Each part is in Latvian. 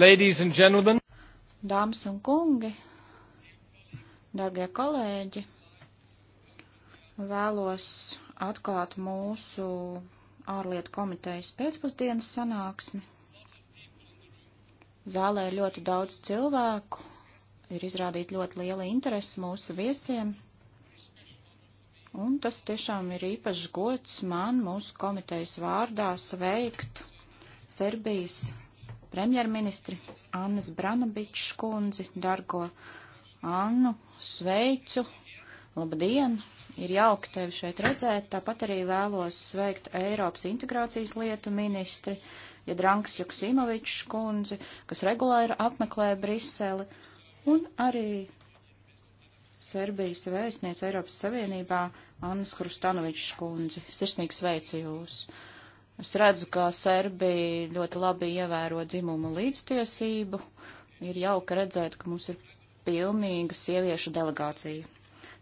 Ladies and gentlemen. Dāmas un kungi, darbie kolēģi, vēlos atklāt mūsu ārlietu komitejas pēcpusdienas sanāksmi. Zālē ir ļoti daudz cilvēku, ir izrādīta ļoti liela interese mūsu viesiem, un tas tiešām ir īpašs gods man mūsu komitejas vārdā sveikt Serbijas premjerministri Annas Branabičs kundzi, dargo Annu, sveicu, labdien, ir jauki tevi šeit redzēt, tāpat arī vēlos sveikt Eiropas integrācijas lietu ministri, Jadranks Joksimovičs kundzi, kas regulāri apmeklē Briseli, un arī Serbijas vēstniece Eiropas Savienībā Annas Krustanovičs kundzi. Sirsnīgi sveicu jūs! Uh, Es redzu, ka Serbija ļoti labi ievēro dzimumu līdztiesību. Ir jauka redzēt, ka mums ir pilnīga sieviešu delegācija.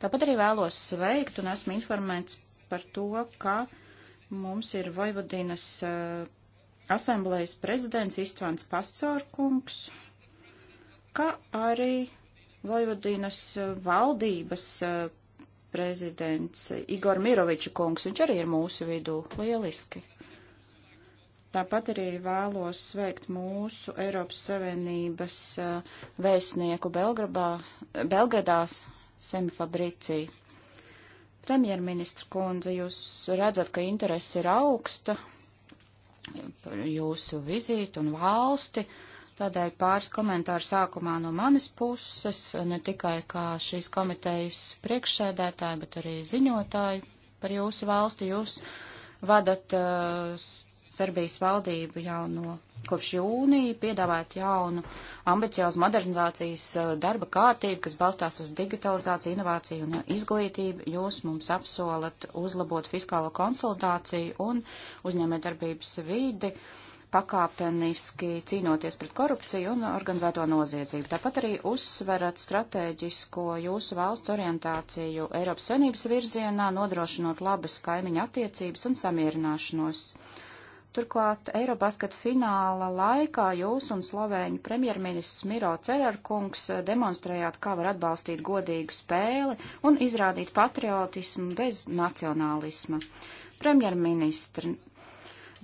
Tāpat arī vēlos sveikt un esmu informēts par to, ka mums ir Vojvodinas uh, eh, asemblējas prezidents Istvāns Pascaurkungs, ka arī Vojvodinas eh, valdības uh, prezidents Igor Miroviča kungs, viņš arī ir mūsu vidū lieliski. Tāpat arī vēlos sveikt mūsu Eiropas Savienības vēstnieku Belgrabā, Belgradās Semi Fabrici. Premjerministra kundze, jūs redzat, ka interesi ir augsta par jūsu vizītu un valsti. Tādēļ pāris komentāru sākumā no manas puses, ne tikai kā šīs komitejas priekšsēdētāji, bet arī ziņotāji par jūsu valsti. Jūs vadat uh, Serbijas valdība jau no kopš jūnija piedāvāt jaunu ambiciozu modernizācijas uh, darba kārtību, kas balstās uz digitalizāciju, inovāciju un izglītību. Jūs mums apsolat uzlabot fiskālo konsultāciju un uzņēmējdarbības vīdi pakāpeniski cīnoties pret korupciju un organizēto noziedzību. Tāpat arī uzsverat strateģisko jūsu valsts orientāciju Eiropas Savienības virzienā, nodrošinot labas kaimiņa attiecības un samierināšanos. Turklāt Eirobasket fināla laikā jūs un Slovēņu premjerministrs Miro Cerarkungs eh, demonstrējāt, kā var atbalstīt godīgu spēli un izrādīt patriotismu bez nacionālisma. Premjerministri,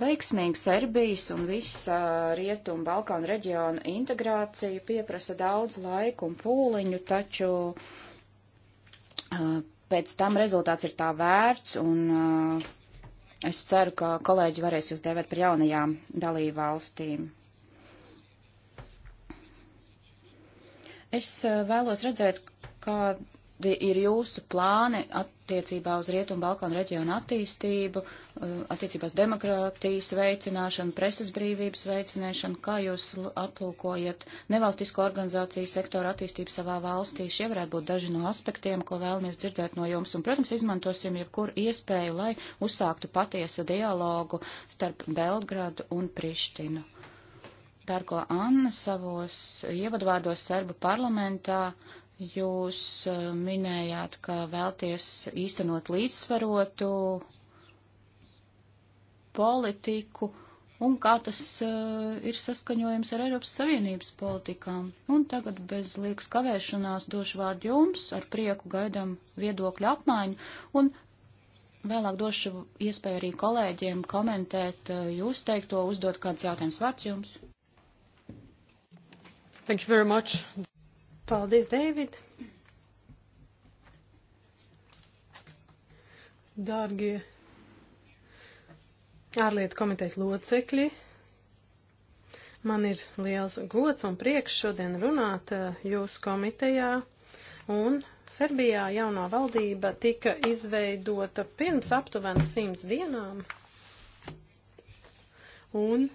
veiksmīga Serbijas un visa eh, Rietumu Balkānu reģiona integrācija pieprasa daudz laiku un pūliņu, taču uh, pēc tam rezultāts ir tā vērts un uh, Es ceru, ka kolēģi varēs jūs dēvēt par jaunajām dalību valstīm. Es eh, vēlos redzēt, kā ir jūsu plāni attiecībā uz Rietumu Balkanu reģionu attīstību, uh, attiecībās demokrātijas veicināšanu, preses brīvības veicināšanu, kā jūs aplūkojat nevalstisko organizāciju sektoru attīstību savā valstī? Šie varētu būt daži no aspektiem, ko vēlamies dzirdēt no jums. Un, protams, izmantosim jebkuru iespēju, lai uzsāktu patiesu dialogu starp Belgradu un Prištinu. Darko Anna savos ievadvārdos Serbu parlamentā uh, Jūs uh, minējāt, ka vēlties īstenot līdzsvarotu politiku un kā tas uh, ir saskaņojums ar Eiropas Savienības politikām. Un tagad bez liekas kavēšanās došu vārdu jums, ar prieku gaidam viedokļu apmaiņu un vēlāk došu iespēju arī kolēģiem komentēt uh, jūs teikto, uzdot kāds jautājums vārds jums. Thank you very much. Paldies, Dēvid! Dārgie ārlietu komitejas locekļi, man ir liels gods un prieks šodien runāt eh, jūsu komitejā. Un Serbijā jaunā valdība tika izveidota pirms aptuveni simts dienām. Un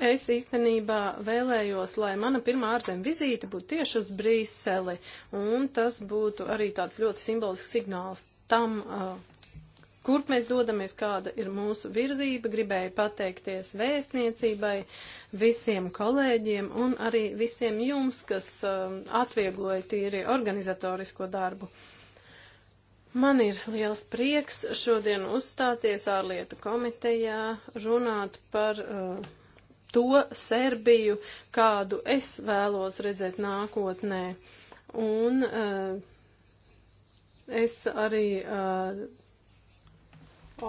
Es īstenībā vēlējos, lai mana pirmā ārzem vizīte būtu tieši uz Brīseli, un tas būtu arī tāds ļoti simbolisks signāls tam, uh, kurp mēs dodamies, kāda ir mūsu virzība. Gribēju pateikties vēstniecībai, visiem kolēģiem un arī visiem jums, kas um, atviegloja tīri organizatorisko darbu. Man ir liels prieks šodien uzstāties ārlietu komitejā, runāt par uh, to Serbiju, kādu es vēlos redzēt nākotnē. Un uh, es arī uh,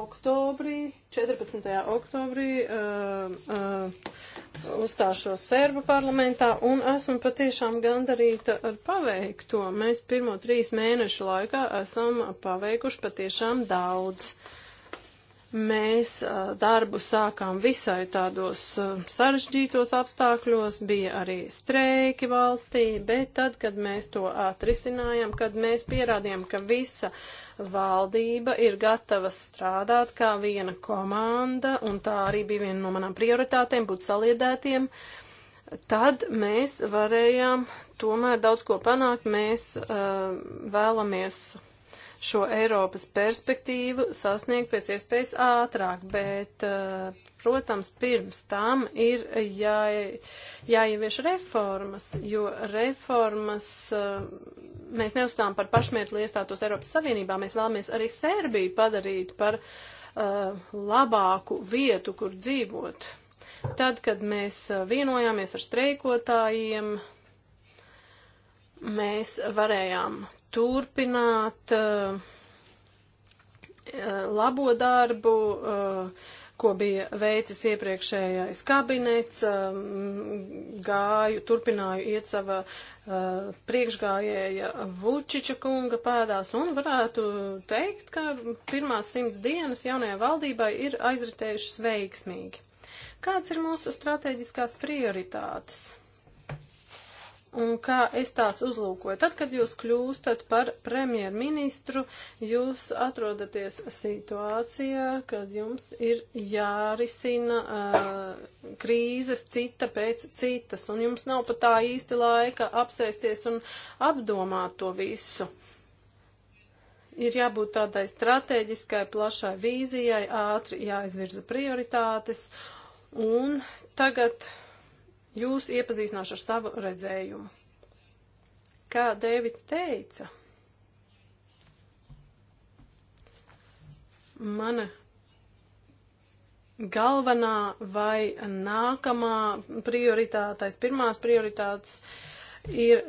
oktobrī, 14. oktobrī uh, uh, uzstāšos Serbu parlamentā un esmu patiešām gandarīta ar paveikto. Mēs pirmo trīs mēnešu laikā esam paveikuši patiešām daudz. Uh, Mēs uh, darbu sākām visai tādos uh, sarežģītos apstākļos, bija arī streiki valstī, bet tad, kad mēs to atrisinājām, kad mēs pierādījām, ka visa valdība ir gatava strādāt kā viena komanda, un tā arī bija viena no manām prioritātēm būt saliedētiem, tad mēs varējām tomēr daudz ko panākt. Mēs uh, vēlamies šo Eiropas perspektīvu sasniegt pēc iespējas ātrāk, bet, eh, protams, pirms tam ir jā, jāievieš reformas, jo reformas eh, mēs neuzstām par pašmērķi iestātos Eiropas Savienībā, mēs vēlamies arī Serbiju padarīt par uh, labāku vietu, kur dzīvot. Tad, kad mēs vienojāmies ar streikotājiem, mēs varējām turpināt uh, labo darbu, uh, ko bija veicis iepriekšējais kabinets, gāju, turpināju iet sava priekšgājēja Vučiča kunga pēdās un varētu teikt, ka pirmās simts dienas jaunajā valdībā ir aizritējušas veiksmīgi. Kāds ir mūsu strateģiskās prioritātes? un kā es tās uzlūkoju. Tad, kad jūs kļūstat par premjerministru, jūs atrodaties situācijā, kad jums ir jārisina uh, krīzes cita pēc citas, un jums nav pat tā īsti laika apsēsties un apdomāt to visu. Ir jābūt tādai strateģiskai, plašai vīzijai, ātri jāizvirza prioritātes, un tagad jūs iepazīstināšu ar savu redzējumu. Kā Dēvids teica, mana galvenā vai nākamā prioritātais, pirmās prioritātes ir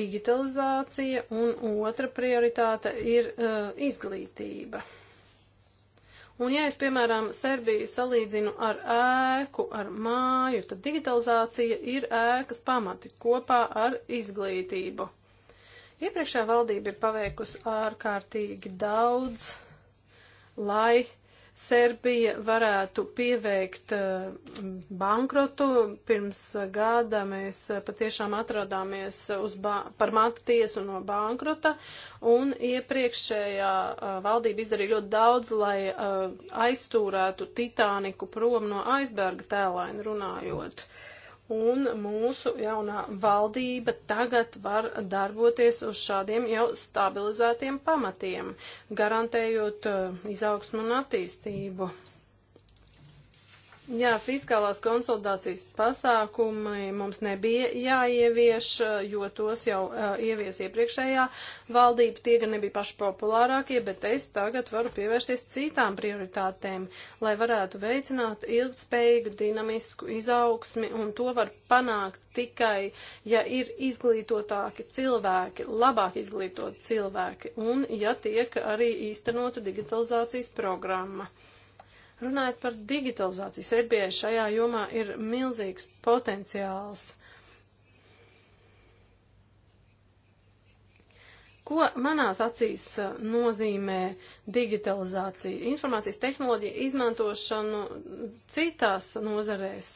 digitalizācija un otra prioritāte ir uh, izglītība. Un ja es, piemēram, Serbiju salīdzinu ar ēku, ar māju, tad digitalizācija ir ēkas pamati kopā ar izglītību. Iepriekšējā valdība ir paveikusi ārkārtīgi daudz, lai Serbija varētu pieveikt eh, bankrotu. Pirms gada mēs eh, patiešām atrodāmies par matu tiesu no bankrota, un iepriekšējā eh, valdība izdarīja ļoti daudz, lai aizstūrētu Titāniku prom no aizberga tēlaini runājot. Uh, un mūsu jaunā valdība tagad var darboties uz šādiem jau stabilizētiem pamatiem, garantējot uh, izaugsmu un attīstību. Jā, fiskālās konsolidācijas pasākumi mums nebija jāievieš, jo tos jau uh, ievies iepriekšējā valdība. Tie gan nebija paši populārākie, bet es tagad varu pievērsties citām prioritātēm, lai varētu veicināt ilgspējīgu dinamisku izaugsmi, un to var panākt tikai, ja ir izglītotāki cilvēki, labāk izglītoti cilvēki, un ja tiek arī īstenota digitalizācijas programma. Runājot par digitalizāciju, Serbijai šajā jomā ir milzīgs potenciāls. Ko manās acīs uh, nozīmē digitalizācija? Informācijas tehnoloģija izmantošanu citās nozarēs,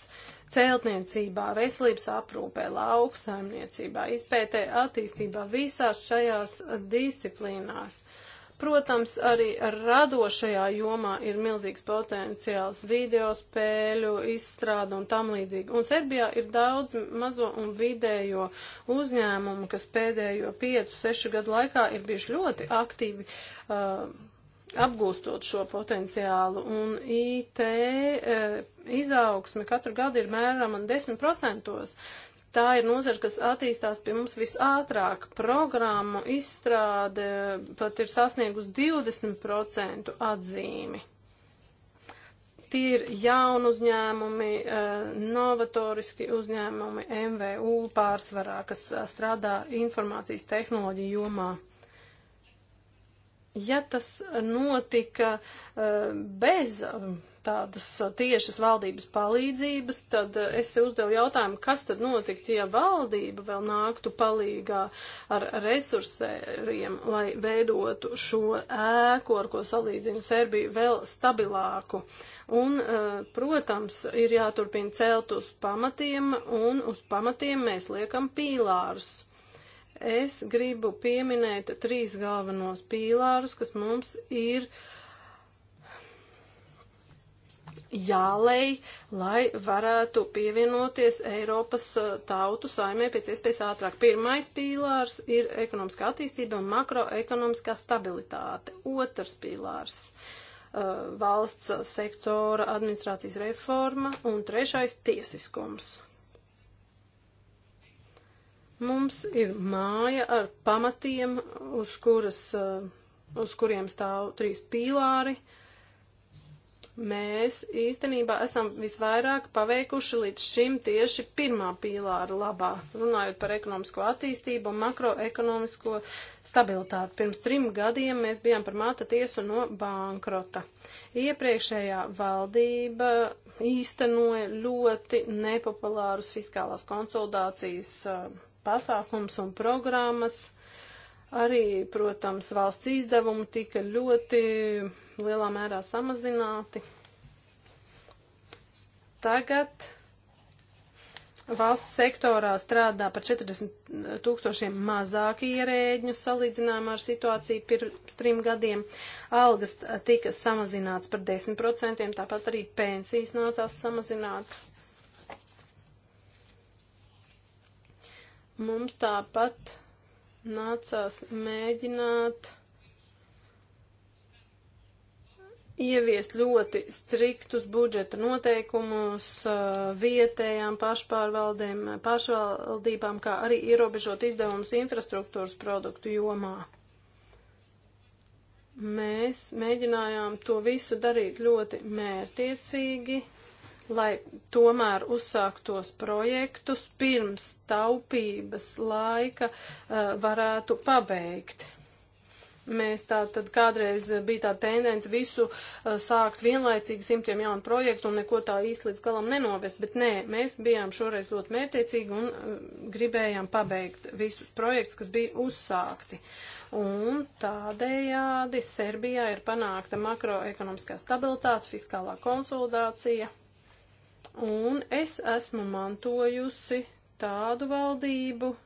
celtniecībā, veselības aprūpē, lauksaimniecībā, izpētē, attīstībā, visās šajās disciplīnās. Uh, Protams, arī radošajā jomā ir milzīgs potenciāls video spēļu, izstrāda un tam līdzīgi. Un Serbijā ir daudz mazo un vidējo uzņēmumu, kas pēdējo 5-6 gadu laikā ir bijuši ļoti aktīvi. Uh, apgūstot šo potenciālu, un IT e, uh, izaugsme katru gadu ir mēram 10%. Tā ir nozara, kas attīstās pie mums visātrāk. Programmu izstrāde pat ir sasniegus 20% atzīmi. Tie ir jaunu uzņēmumi, eh, novatoriski uzņēmumi, MVU pārsvarā, kas eh, strādā informācijas tehnoloģiju jomā ja tas notika eh, bez tādas tiešas valdības palīdzības, tad es sev uzdevu jautājumu, kas tad notiktu, ja valdība vēl nāktu palīgā ar resursēriem, lai veidotu šo ēku, ar ko salīdzinu Serbiju, vēl stabilāku. Un, protams, ir jāturpina celt uz pamatiem, un uz pamatiem mēs liekam pīlārus. Es gribu pieminēt trīs galvenos pīlārus, kas mums ir uh, jālej, lai varētu pievienoties Eiropas eh, tautu saimē pēc iespējas ātrāk. Pirmais pīlārs ir ekonomiskā attīstība un makroekonomiskā stabilitāte. Otrs pīlārs eh, - valsts sektora administrācijas reforma un trešais - tiesiskums. Mums ir māja ar pamatiem, uz, kuras, eh, uz kuriem stāv trīs pīlāri. Uh, Mēs īstenībā esam visvairāk paveikuši līdz šim tieši pirmā pīlāra labā, runājot par ekonomisko attīstību un makroekonomisko stabilitāti. Pirms trim gadiem mēs bijām par māta tiesu no bankrota. Iepriekšējā valdība īstenoja ļoti nepopulārus fiskālās konsolidācijas eh, pasākums un programmas. Arī, protams, valsts izdevumi tika ļoti lielā mērā samazināti. Tagad valsts sektorā strādā par 40 tūkstošiem mazāk ierēģņu salīdzinājumā ar situāciju pirms trim gadiem. Algas tika samazināts par 10%, tāpat arī pensijas nācās samazināt. Mums tāpat nācās mēģināt ieviest ļoti striktus budžeta noteikumus uh, vietējām pašpārvaldēm, pašvaldībām, kā arī ierobežot izdevumus infrastruktūras produktu jomā. Mēs mēģinājām to visu darīt ļoti mērtiecīgi, lai tomēr uzsāktos projektus pirms taupības laika uh, varētu pabeigt. Mēs tā tad kādreiz bija tā tendence visu uh, sākt vienlaicīgi simtiem jaunu projektu un neko tā īsti līdz galam nenovest, bet nē, mēs bijām šoreiz ļoti mērtiecīgi un uh, gribējām pabeigt visus projektus, kas bija uzsākti. Un tādējādi Serbijā ir panākta makroekonomiskā stabilitāte, fiskālā konsolidācija. Un es esmu mantojusi tādu valdību,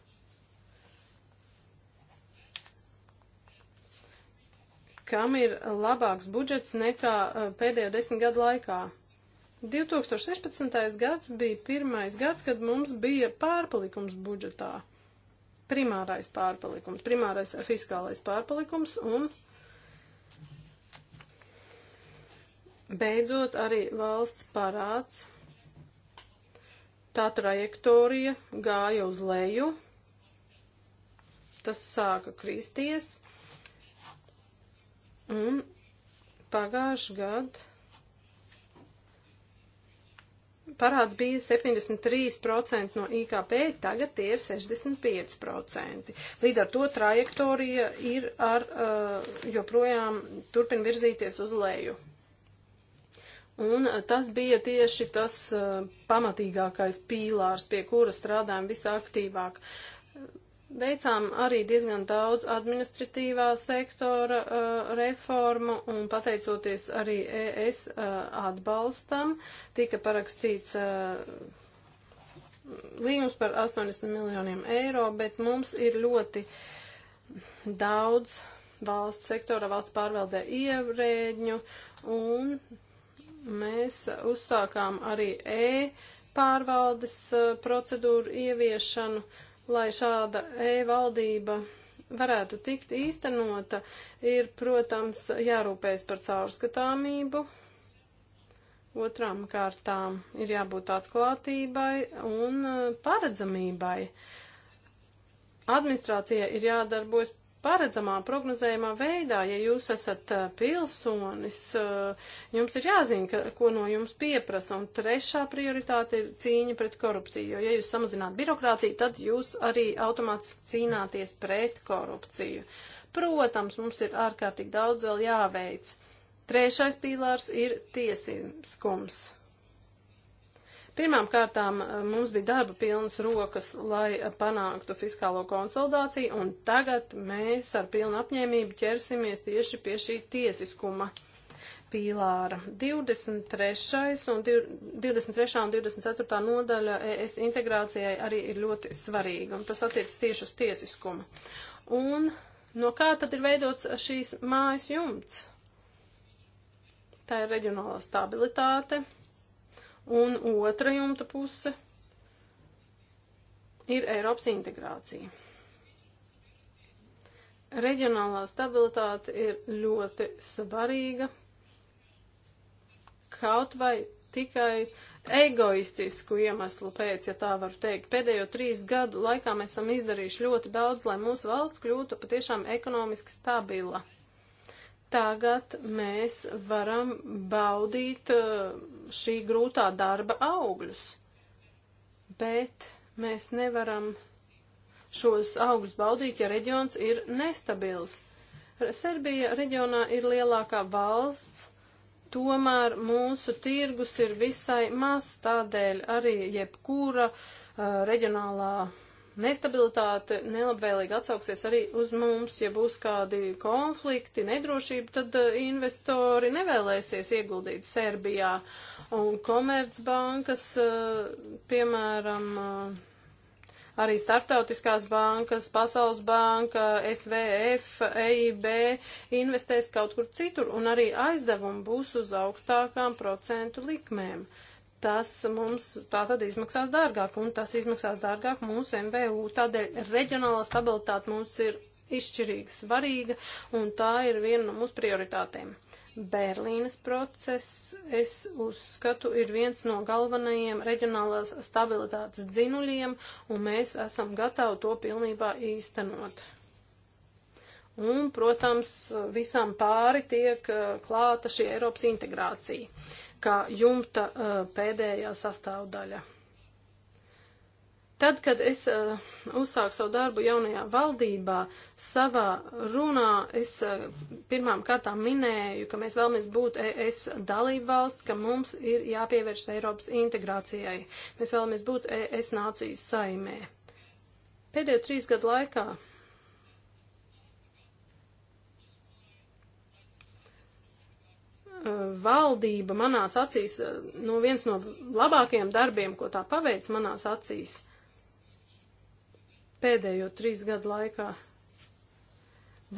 kam ir labāks budžets nekā eh, pēdējo desmit gadu laikā. 2016. gads bija pirmais gads, kad mums bija pārpalikums budžetā. Primārais pārpalikums, primārais fiskālais pārpalikums un beidzot arī valsts parāds. Tā trajektorija gāja uz leju, tas sāka kristies, Un pagājuši gadu parāds bija 73% no IKP, tagad tie ir 65%. Līdz ar to trajektorija ir ar, uh, joprojām turpin virzīties uz leju. Un uh, tas bija tieši tas uh, pamatīgākais pīlārs, pie kura strādājam visaktīvāk. Uh, Veicām arī diezgan daudz administratīvā sektora uh, reformu un pateicoties arī ES uh, atbalstam, tika parakstīts uh, līgums par 80 miljoniem eiro, bet mums ir ļoti daudz valsts sektora, valsts pārvaldē ievrēģņu un mēs uzsākām arī E pārvaldes uh, procedūru ieviešanu lai šāda e-valdība varētu tikt īstenota, ir, protams, jārūpējas par caurskatāmību. Otrām kārtām ir jābūt atklātībai un eh, paredzamībai. Administrācijai ir jādarbojas paredzamā, prognozējumā veidā. Ja jūs esat pilsonis, jums ir jāzina, ka, ko no jums pieprasa. Un trešā prioritāte ir cīņa pret korupciju, jo ja jūs samazināt birokrātiju, tad jūs arī automātiski cīnāties pret korupciju. Protams, mums ir ārkārtīgi daudz vēl jāveic. Trešais pīlārs ir tiesiskums. Pirmām kārtām eh, mums bija darba pilnas rokas, lai eh, panāktu fiskālo konsolidāciju, un tagad mēs ar pilnu apņēmību ķersimies tieši pie šī tiesiskuma pīlāra. 23. un 23. un 24. nodaļa ES integrācijai arī ir ļoti svarīga, un tas attiecas tieši uz tiesiskumu. Un no kā tad ir veidots šīs mājas jumts? Tā ir reģionālā stabilitāte, Un otra jumta puse ir Eiropas integrācija. Reģionālā stabilitāte ir ļoti svarīga, kaut vai tikai egoistisku iemeslu pēc, ja tā var teikt. Pēdējo trīs gadu laikā mēs esam izdarījuši ļoti daudz, lai mūsu valsts kļūtu patiešām ekonomiski stabila tagad mēs varam baudīt eh, šī grūtā darba augļus, bet mēs nevaram šos augļus baudīt, ja reģions ir nestabils. Serbija reģionā ir lielākā valsts, tomēr mūsu tirgus ir visai maz, tādēļ arī jebkura uh, reģionālā Nestabilitāte nelabvēlīgi atsauksies arī uz mums, ja būs kādi konflikti, nedrošība, tad eh, investori nevēlēsies ieguldīt Serbijā. Un Komercbankas, eh, piemēram, eh, arī starptautiskās bankas, Pasaules banka, SVF, EIB investēs kaut kur citur, un arī aizdevumi būs uz augstākām procentu likmēm. Uh, tas mums tātad izmaksās dārgāk, un tas izmaksās dārgāk mūsu MVU. Tādēļ reģionālā stabilitāte mums ir izšķirīgi svarīga, un tā ir viena no mūsu prioritātēm. Berlīnas process, es uzskatu, ir viens no galvenajiem reģionālās stabilitātes dzinuļiem, un mēs esam gatavi to pilnībā īstenot. Un, protams, visām pāri tiek uh, klāta šī Eiropas integrācija. Uh, kā jumta uh, pēdējā sastāvdaļa. Tad, kad es uh, uzsāku savu darbu jaunajā valdībā, savā runā es uh, pirmām kārtām minēju, ka mēs vēlamies būt ES dalība valsts, ka mums ir jāpievēršas Eiropas integrācijai. Mēs vēlamies būt ES nācijas saimē. Pēdējo trīs gadu laikā valdība manās acīs, no viens no labākajiem darbiem, ko tā paveic manās acīs pēdējo trīs gadu laikā.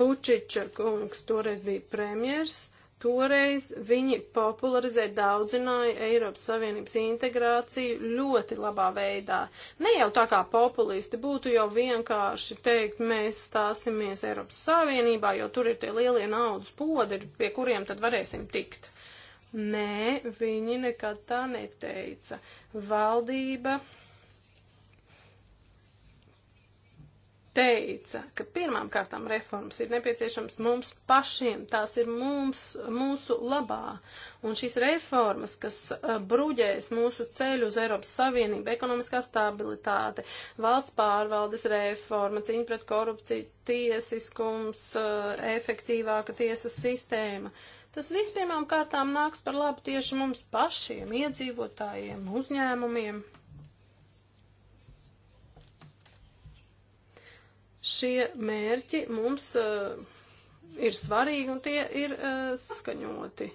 Vučiča kungs toreiz bija premjers, Toreiz viņi popularizēja, daudzināja Eiropas Savienības integrāciju ļoti labā veidā. Ne jau tā kā populisti būtu jau vienkārši teikt, mēs stāsimies Eiropas Savienībā, jo tur ir tie lielie naudas podi, pie kuriem tad varēsim tikt. Nē, viņi nekad tā neteica. Valdība teica, ka pirmām kārtām reformas ir nepieciešams mums pašiem, tās ir mums, mūsu labā. Un šīs reformas, kas eh, bruģēs mūsu ceļu uz Eiropas Savienību, ekonomiskā stabilitāte, valsts pārvaldes reforma, cīņa pret korupciju, tiesiskums, eh, efektīvāka tiesu sistēma. Tas viss pirmām kārtām nāks par labu tieši mums pašiem, iedzīvotājiem, uzņēmumiem. Šie mērķi mums uh, ir svarīgi un tie ir uh, saskaņoti.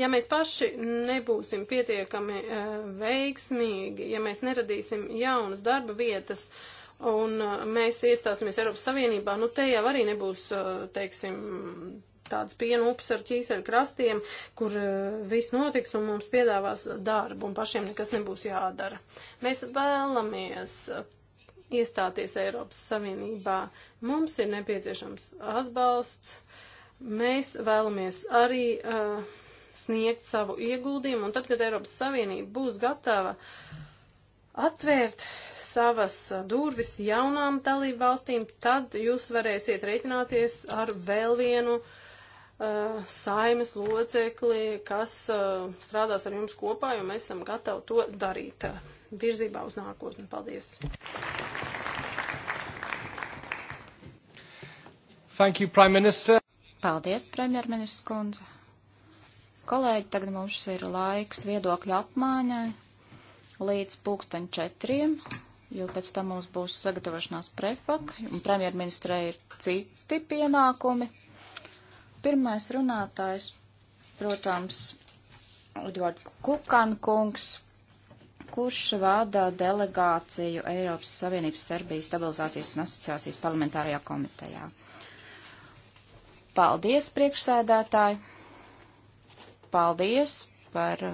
Ja mēs paši nebūsim pietiekami uh, veiksmīgi, ja mēs neradīsim jaunas darba vietas un uh, mēs iestāsimies Eiropas Savienībā, nu te jau arī nebūs, uh, teiksim, tāds pienu upes ar ķīseļu krastiem, kur uh, viss notiks un mums piedāvās darbu un pašiem nekas nebūs jādara. Mēs vēlamies iestāties Eiropas Savienībā. Mums ir nepieciešams atbalsts. Mēs vēlamies arī uh, sniegt savu ieguldījumu, un tad, kad Eiropas Savienība būs gatava atvērt savas durvis jaunām dalību valstīm, tad jūs varēsiet reiķināties ar vēl vienu uh, saimes locekli, kas uh, strādās ar jums kopā, jo mēs esam gatavi to darīt. Uh, virzībā uz nākotni. Paldies! Thank you, Prime Minister. Paldies, premjerministrs kundze. Kolēģi, tagad mums ir laiks viedokļu apmaiņai līdz pulksten četriem, jo pēc tam mums būs sagatavošanās prefak, un premjerministrei ir citi pienākumi. Pirmais runātājs, protams, Edvard Kukan kungs, kurš vada delegāciju Eiropas Savienības Serbijas stabilizācijas un asociācijas parlamentārajā komitejā. Paldies, priekšsēdētāji! Paldies par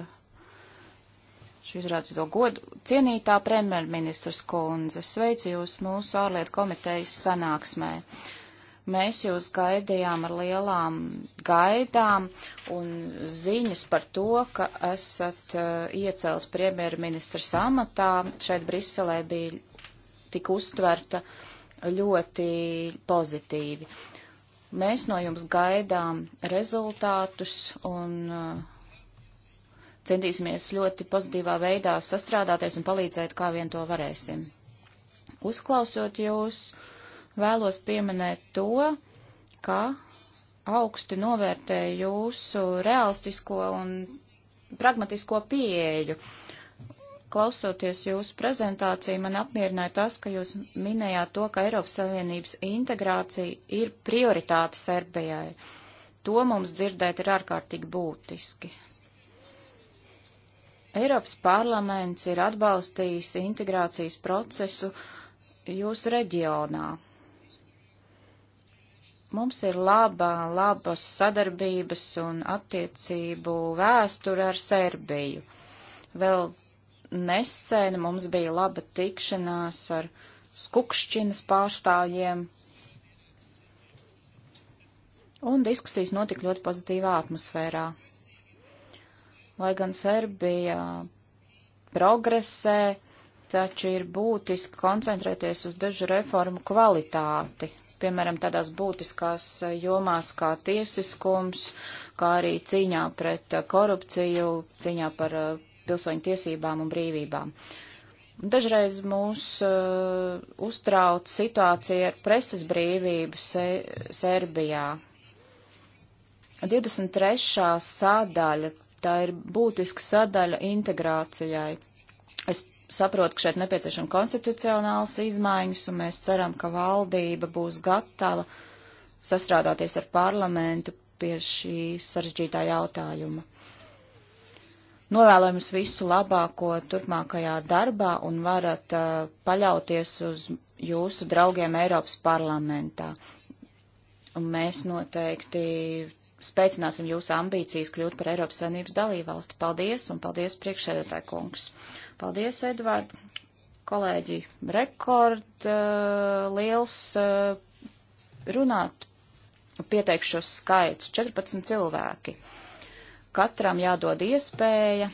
šo izrādīto godu. Cienītā premjerministras kundze, sveicu jūs mūsu ārlietu komitejas sanāksmē. Uh, Mēs jūs gaidījām ar lielām gaidām un ziņas par to, ka esat uh, iecelt premjerministrs amatā. Šeit Briselē bija tik uztverta ļoti pozitīvi. Mēs no jums gaidām rezultātus un uh, centīsimies ļoti pozitīvā veidā sastrādāties un palīdzēt, kā vien to varēsim. Uzklausot jūs, uh, vēlos pieminēt to, ka augsti novērtēju jūsu realistisko un pragmatisko pieeju. Klausoties jūsu prezentāciju, man apmierināja tas, ka jūs minējāt to, ka Eiropas Savienības integrācija ir prioritāte Serbijai. To mums dzirdēt ir ārkārtīgi būtiski. Eiropas parlaments ir atbalstījis integrācijas procesu jūsu reģionā. Mums ir laba, labas sadarbības un attiecību vēsture ar Serbiju. Vēl nesen mums bija laba tikšanās ar Skukšķinas pārstāvjiem, un diskusijas notika ļoti pozitīvā atmosfērā. Lai gan Serbija progresē, taču ir būtiski koncentrēties uz dažu reformu kvalitāti, piemēram, tādās būtiskās jomās kā tiesiskums, kā arī cīņā pret korupciju, cīņā par uh, pilsoņu tiesībām un brīvībām. Dažreiz mūs uh, uztrauc situācija ar preses brīvību se Serbijā. 23. sadaļa, tā ir būtiska sadaļa integrācijai. Es saprotu, ka šeit nepieciešama konstitucionāls izmaiņas, un mēs ceram, ka valdība būs gatava sastrādāties ar parlamentu pie šī sarežģītā jautājuma. Novēlējam jums visu labāko turpmākajā darbā un varat uh, paļauties uz jūsu draugiem Eiropas parlamentā. Un mēs noteikti spēcināsim jūsu ambīcijas kļūt par Eiropas Savienības dalībvalsti. Paldies un paldies priekšsēdētāji kungs. Paldies, Edvard. Kolēģi, rekord uh, liels uh, runāt pieteikšos skaits - 14 cilvēki. Katram jādod iespēja,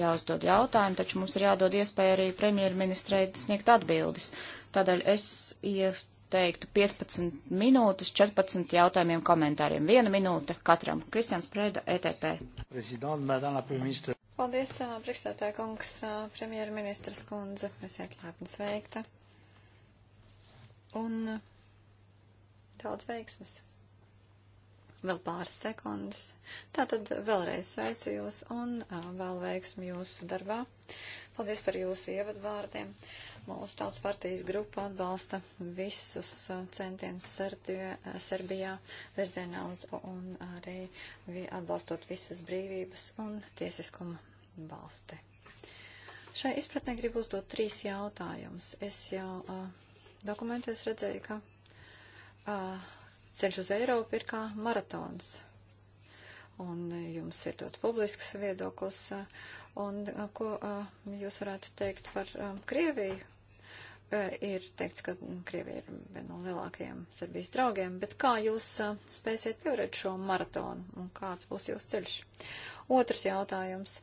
jāuzdod jautājumi, taču mums ir jādod iespēja arī premjerministrei sniegt atbildes. Tādēļ es ieteiktu 15 minūtes 14 jautājumiem komentāriem. Viena minūte katram. Kristians Preda, ETP. Paldies, priekšstādāja kungs, premjerministras kundze. Esiet laipni sveikta. Un daudz veiksmes. Vēl pāris sekundes. Tātad vēlreiz sveicu jūs un vēl veiksmi jūsu darbā. Paldies par jūsu ievadvārdiem. Mūsu tautas partijas grupa atbalsta visus centienus Serbijā, Serbijā virzienā uz un arī atbalstot visas brīvības un tiesiskuma valsti. Šai izpratnē gribu uzdot trīs jautājumus. Es jau uh, dokumentos redzēju, ka uh, ceļš uz Eiropu ir kā maratons. Un jums ir ļoti publisks viedoklis. Un ko jūs varētu teikt par Krieviju? Ir teikts, ka Krievija ir viena no lielākajiem Serbijas draugiem, bet kā jūs spēsiet pievarēt šo maratonu un kāds būs jūsu ceļš? Otrs jautājums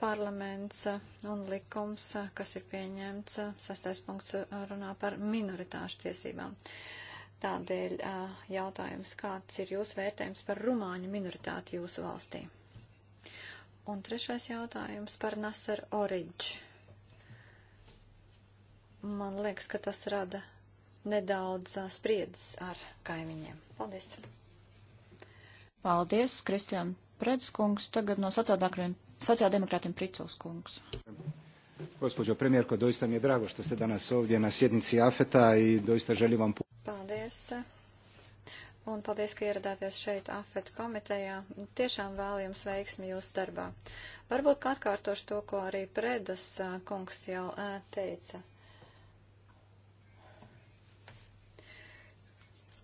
parlaments uh, un likums, uh, kas ir pieņemts, uh, sastais punkts runā par minoritāšu tiesībām. Tādēļ jautājums, kāds ir jūsu vērtējums par rumāņu minoritāti jūsu valstī? Un trešais jautājums par Nasar Oridž. Man liekas, ka tas rada nedaudz spriedzes ar kaimiņiem. Paldies! Paldies, Kristian Predskungs. Tagad no sociālākajiem Sociāldemokrātiem Pricels kungs. Gospođo premjerko, doista mi je drago što ste danas ovdje na sjednici AFETA i doista želim vam... Paldies. Un paldies, ka ieradāties šeit AFET komitejā. Tiešām vēl jums veiksmi jūsu darbā. Varbūt kā atkārtošu to, ko arī Predas kungs jau teica.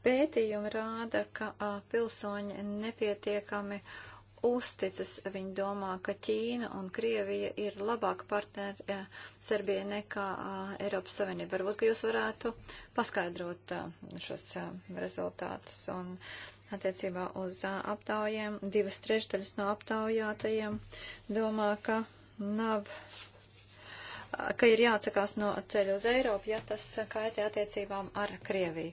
Pētījumi rāda, ka pilsoņi nepietiekami uh, uzticas. Viņi domā, ka Ķīna un Krievija ir labāka partneri ja, eh, Serbijai nekā a, eh, Eiropas Savienība. Varbūt, ka jūs varētu paskaidrot a, eh, šos a, rezultātus. Un attiecībā uz a, aptaujiem divas trešdaļas no aptaujātajiem domā, ka nav a, ka ir jāatsakās no ceļa uz Eiropu, ja tas kaitē attiecībām ar Krieviju.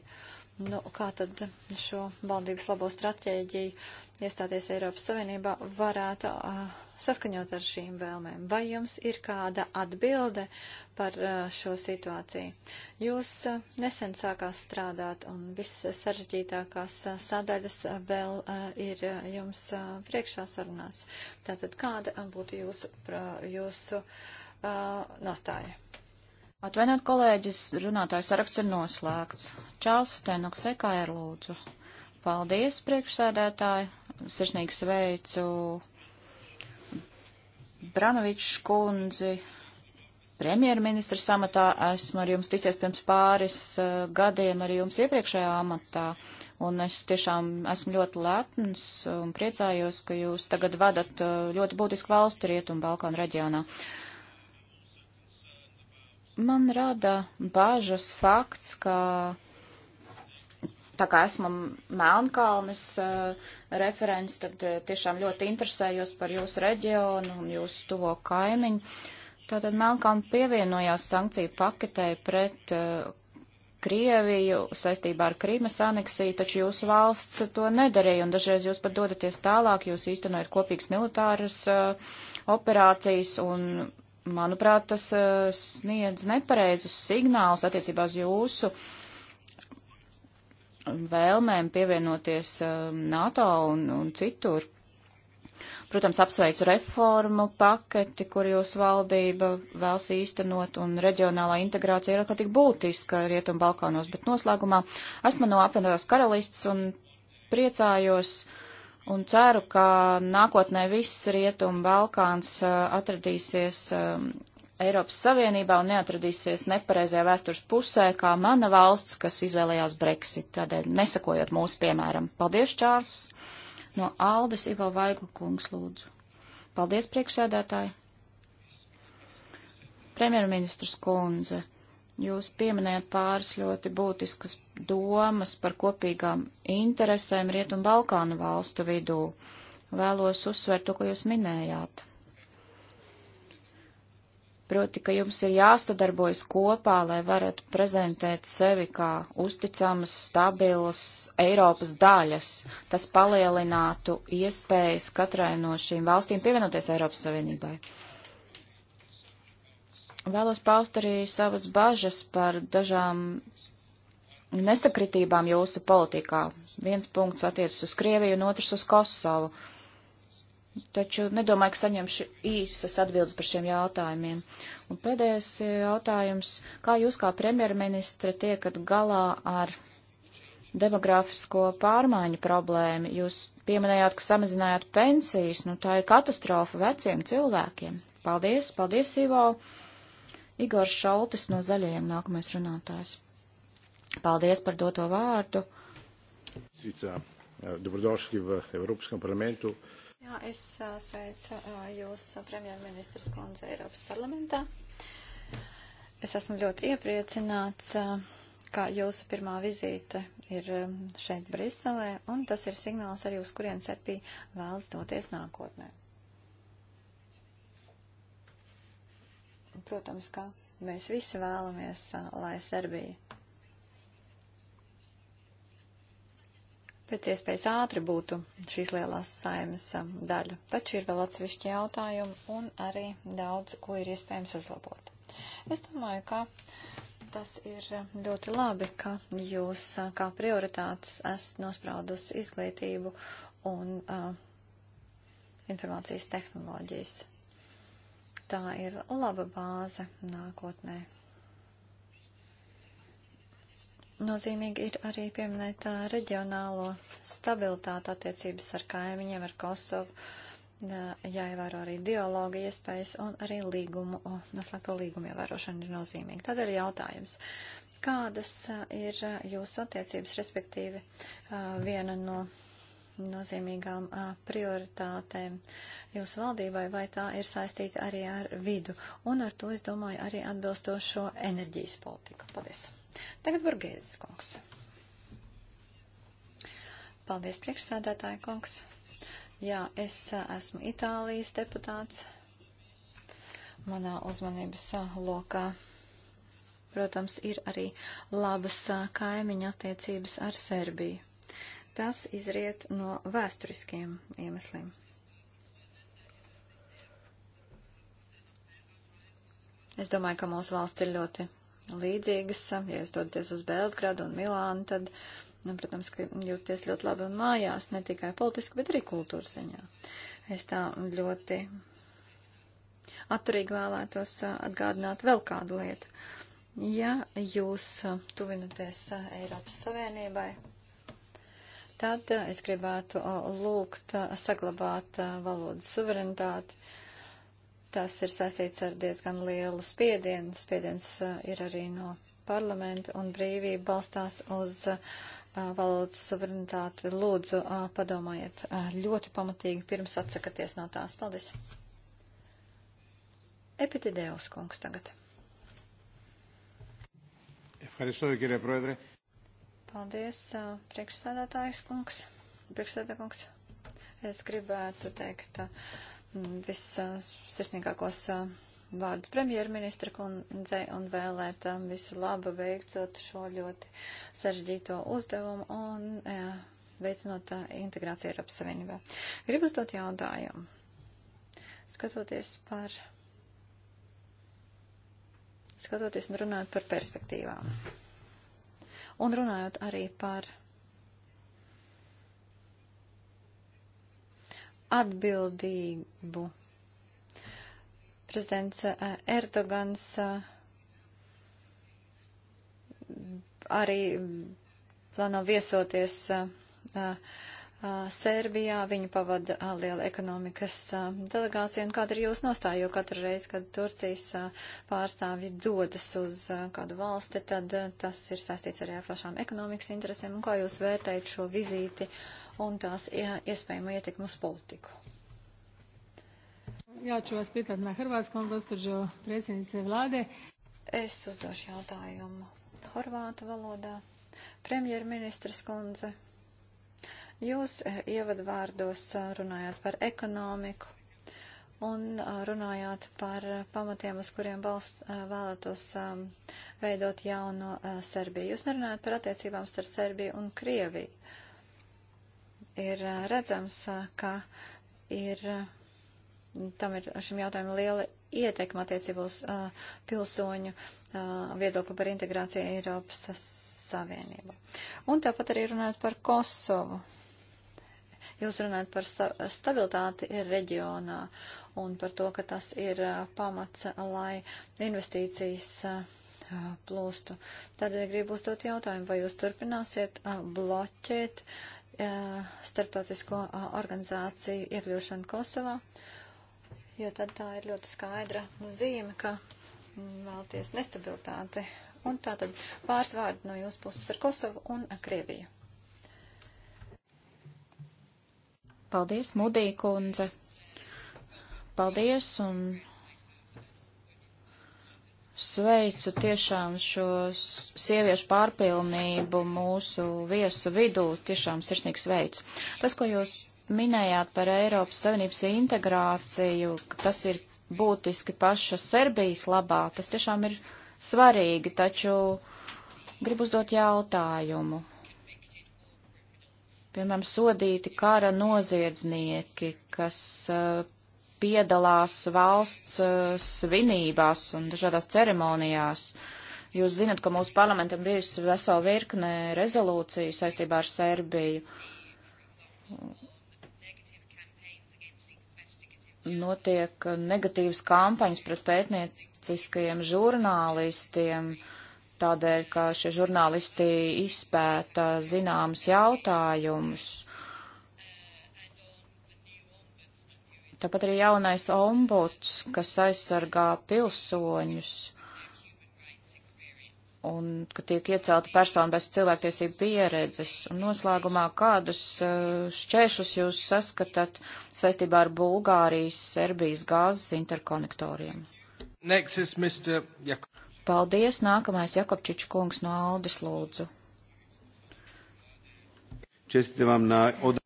Nu, kā tad šo valdības labo stratēģiju iestāties Eiropas Savienībā, varētu uh, saskaņot ar šīm vēlmēm. Vai jums ir kāda atbilde par uh, šo situāciju? Jūs uh, nesen sākās strādāt un viss sarežģītākās uh, sadaļas uh, vēl uh, ir uh, jums uh, priekšā sarunās. Tātad kāda uh, būtu jūsu, uh, jūsu uh, nostāja? Atvainojiet, kolēģis, runātājs saraksts ir noslēgts. Čāls Stenoks, EKR lūdzu. Paldies, priekšsēdētāji sirsnīgi sveicu Branovičs kundzi, premjerministra samatā. Esmu ar jums ticies pirms pāris uh, gadiem arī jums iepriekšējā amatā. Un es tiešām esmu ļoti lepns un priecājos, ka jūs tagad vadat uh, ļoti būtisku valsti Rietumu Balkānu reģionā. Man rada bāžas fakts, ka tā kā esmu Melnkalnes uh, referents, tad uh, tiešām ļoti interesējos par jūsu reģionu un jūsu tuvo kaimiņu. Tātad Melnkalna pievienojās sankciju paketē pret uh, Krieviju saistībā ar Krīmas aneksiju, taču jūsu valsts to nedarīja, un dažreiz jūs pat dodaties tālāk, jūs īstenojat kopīgas militāras uh, operācijas, un, manuprāt, tas uh, sniedz nepareizus signālus attiecībā uz jūsu uh, vēlmēm pievienoties um, NATO un, un citur. Protams, apsveicu reformu paketi, kur jūs valdība vēlas īstenot, un reģionālā integrācija ir ārkārtīgi būtiska Rietumu Balkānos, bet noslēgumā esmu no apvienotās karalists un priecājos un ceru, ka nākotnē viss Rietumu Balkāns uh, atradīsies um, Eiropas Savienībā un neatradīsies nepareizajā vēstures pusē, kā mana valsts, kas izvēlējās Brexit, tādēļ nesakojot mūsu piemēram. Paldies, Čārs! No Aldes Ivo Vaigla kungs lūdzu. Paldies, priekšsēdētāji! Premjerministrs kundze, jūs pieminējat pāris ļoti būtiskas domas par kopīgām interesēm Rietu un Balkānu valstu vidū. Vēlos uzsvērt to, ko jūs minējāt Proti, ka jums ir jāsadarbojas kopā, lai varat prezentēt sevi kā uzticamas, stabilas Eiropas daļas. Tas palielinātu iespējas katrai no šīm valstīm pievienoties Eiropas Savienībai. Vēlos paust arī savas bažas par dažām nesakritībām jūsu politikā. Viens punkts attiecas uz Krieviju un otrs uz Kosovu. Uh, taču nedomāju, ka saņemšu īsas atbildes par šiem jautājumiem. Un pēdējais jautājums, kā jūs kā premjerministra tiekat galā ar demografisko pārmaiņu problēmu? Jūs pieminējāt, ka samazinājāt pensijas, nu tā ir katastrofa veciem cilvēkiem. Paldies, paldies, Ivo. Igors Šaltis no Zaļajiem nākamais runātājs. Paldies par doto vārdu. Cica, eh, dobrodošļi v Europskom parlamentu. Uh, Jā, es sveicu jūs, premjerministrs Konze, Eiropas parlamentā. Es esmu ļoti iepriecināts, ka jūsu pirmā vizīte ir šeit Briselē, un tas ir signāls arī, uz kurien Serpija vēlas doties nākotnē. Protams, ka mēs visi vēlamies, lai Serbija pēc iespējas ātri būtu šīs lielās saimas um, daļa. Taču ir vēl atsevišķi jautājumi un arī daudz, ko ir iespējams uzlabot. Es domāju, ka tas ir um, ļoti labi, ka jūs uh, kā prioritātes esat nospraudusi izglītību un uh, informācijas tehnoloģijas. Tā ir laba bāze nākotnē Nozīmīgi ir arī pieminēt reģionālo stabilitāti attiecības ar kaimiņiem, ar Kosovu, jāievēro arī dialoga iespējas un arī līgumu, noslēgto līgumu ievērošana ir nozīmīga. Tad ir jautājums, kādas ir jūsu attiecības, respektīvi viena no nozīmīgām prioritātēm jūsu valdībai, vai tā ir saistīta arī ar vidu, un ar to, es domāju, arī atbilstošo enerģijas politiku. Paldies! Tagad Burgēzes kungs. Paldies, priekšsēdētāja kungs. Jā, es esmu Itālijas deputāts. Manā uzmanības lokā, protams, ir arī labas kaimiņa attiecības ar Serbiju. Tas izriet no vēsturiskiem iemesliem. Es domāju, ka mūsu valsts ir ļoti līdzīgas. Ja jūs dodaties uz Belgradu un Milānu, tad, nu, protams, ka jūties ļoti labi un mājās, ne tikai politiski, bet arī kultūras ziņā. Es tā ļoti atturīgi vēlētos atgādināt vēl kādu lietu. Ja jūs tuvinaties Eiropas Savienībai, tad es gribētu lūgt saglabāt valodas suverenitāti Tas ir sasīts ar diezgan lielu spiedienu. Spiediens uh, ir arī no parlamenta un brīvība balstās uz uh, valodas suverenitāti. Lūdzu, uh, padomājiet ļoti pamatīgi pirms atsakaties no tās. Paldies! Epitidēvs kungs tagad. Paldies, priekšsēdētājs kungs. Priekšsēdētājs kungs. Es gribētu teikt vissirsnīgākos vārdus premjerministra kundzei un vēlēt visu labu veicot šo ļoti sarežģīto uzdevumu un jā, veicinot integrāciju Eiropas Savienībā. Gribu uzdot jautājumu. Skatoties par. Skatoties un runājot par perspektīvām. Un runājot arī par atbildību. Prezidents eh, Erdogans eh, arī plāno viesoties eh, Sērbijā, viņu pavada liela ekonomikas delegācija. Un kāda ir jūsu nostāja? Jo katru reizi, kad Turcijas pārstāvji dodas uz kādu valsti, tad tas ir saistīts arī ar plašām ekonomikas interesēm. Un kā jūs vērtējat šo vizīti? Uh, un tās iespējamo ietekmu uz politiku. Ja ću vas pitat na hrvatskom, gospođo predsjednice vlade. Es uzdošu jautājumu horvātu valodā. Premjerministras kundze, jūs e, ievadvārdos e, runājāt par ekonomiku un e, runājāt par pamatiem, uz kuriem balst, vēlētos veidot jauno Serbiju. Jūs nerunājat par attiecībām starp Serbiju un Krieviju ir redzams, ka ir, tam ir šim jautājumam liela ietekma attiecībā uz uh, pilsoņu uh, viedokli par integrāciju Eiropas Savienībā. Un tāpat arī runājot par Kosovu. Jūs runājat par sta stabilitāti reģionā un par to, ka tas ir uh, pamats, lai investīcijas uh, plūstu. Tādēļ gribu uzdot jautājumu, vai jūs turpināsiet bloķēt starptautisko organizāciju iekļūšanu Kosovā, jo tad tā ir ļoti skaidra zīme, ka vēlties nestabilitāti. Un tātad pāris vārdi no jūsu puses par Kosovu un Krieviju. Paldies, Mudī kundze. Paldies un sveicu tiešām šo sieviešu pārpilnību mūsu viesu vidū. Tiešām sirsnīgi sveicu. Tas, ko jūs minējāt par Eiropas Savienības integrāciju, tas ir būtiski paša Serbijas labā. Tas tiešām ir svarīgi, taču gribu uzdot jautājumu. Piemēram, sodīti kara noziedznieki, kas uh, piedalās valsts eh, svinībās un dažādās ceremonijās. Jūs zinat, ka mūsu parlamentam bijusi vesela virkne rezolūciju saistībā ar Serbiju. Notiek negatīvas kampaņas pret pētnieciskajiem žurnālistiem, tādēļ, ka šie žurnālisti izpēta zināmas jautājumus Tāpat arī jaunais ombuds, kas aizsargā pilsoņus un ka tiek iecelta persona bez cilvēktiesību pieredzes. Un noslēgumā kādus eh, šķēršus jūs saskatāt saistībā ar Bulgārijas, Serbijas gāzes interkonektoriem? Next is Mr. Jak Paldies, nākamais Jakobčič kungs no Aldis lūdzu. Čestitam na od...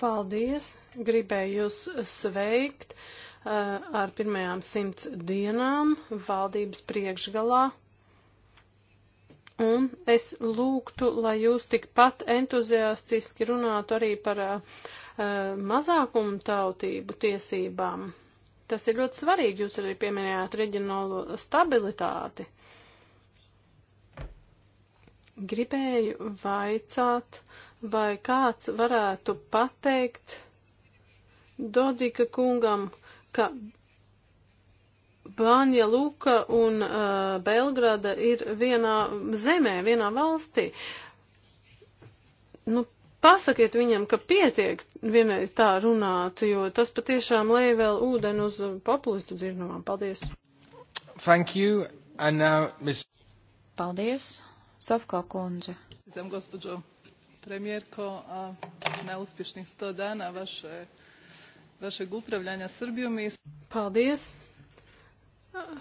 Paldies! Gribēju jūs sveikt uh, ar pirmajām simts dienām valdības priekšgalā. Un es lūgtu, lai jūs tikpat entuziastiski runātu arī par uh, mazākumu tautību tiesībām. Tas ir ļoti svarīgi. Jūs arī pieminējāt reģionālo stabilitāti. Gribēju vaicāt Vai kāds varētu pateikt Dodika kungam, ka Bāņa Luka un uh, Belgrada ir vienā zemē, vienā valstī? Nu, pasakiet viņam, ka pietiek vienreiz tā runāt, jo tas patiešām lej vēl ūdeni uz populistu dzirnavām. Paldies! Thank you, and now, Miss. Paldies, Safkā kundze. Tam, gospođo premijerko na uspješnih 100 dana vaše, vašeg upravljanja Srbijom. I... Paldies!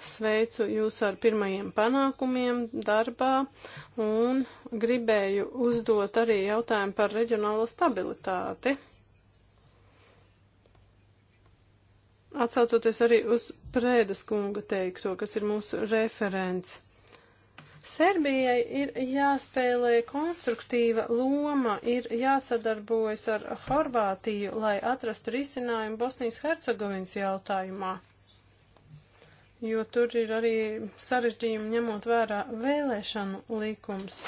Sveicu jūs ar pirmajiem panākumiem darbā un gribēju uzdot arī jautājumu par reģionālo stabilitāti. Atsaucoties arī uz Prēdas kunga teikto, kas ir mūsu referents. Serbijai ir jāspēlē konstruktīva loma, ir jāsadarbojas ar Horvātiju, lai atrastu risinājumu Bosnijas Hercegovinas jautājumā, jo tur ir arī sarežģījumi ņemot vērā vēlēšanu likums.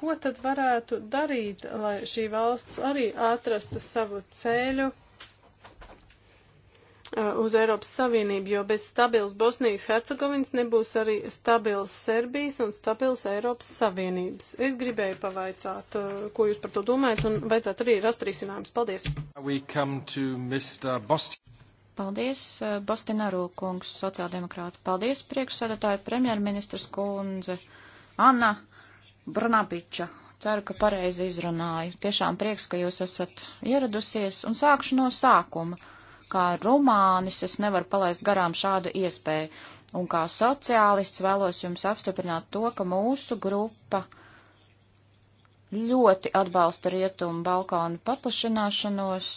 Ko tad varētu darīt, lai šī valsts arī atrastu savu ceļu? Uh, uz Eiropas Savienību, jo bez stabils Bosnijas Hercegovinas nebūs arī stabils Serbijas un stabils Eiropas Savienības. Es gribēju pavaicāt, uh, ko jūs par to domājat, un vajadzētu arī rast risinājums. Paldies! Paldies, uh, Bostināru kungs, sociāldemokrāti. Paldies, priekšsēdētāji, premjerministrs kundze Anna Brnabiča. Ceru, ka pareizi izrunāju. Tiešām prieks, ka jūs esat ieradusies un sākšu no sākuma kā romānis es nevaru palaist garām šādu iespēju. Un kā sociālists vēlos jums apstiprināt to, ka mūsu grupa ļoti atbalsta rietumu Balkānu paplašināšanos.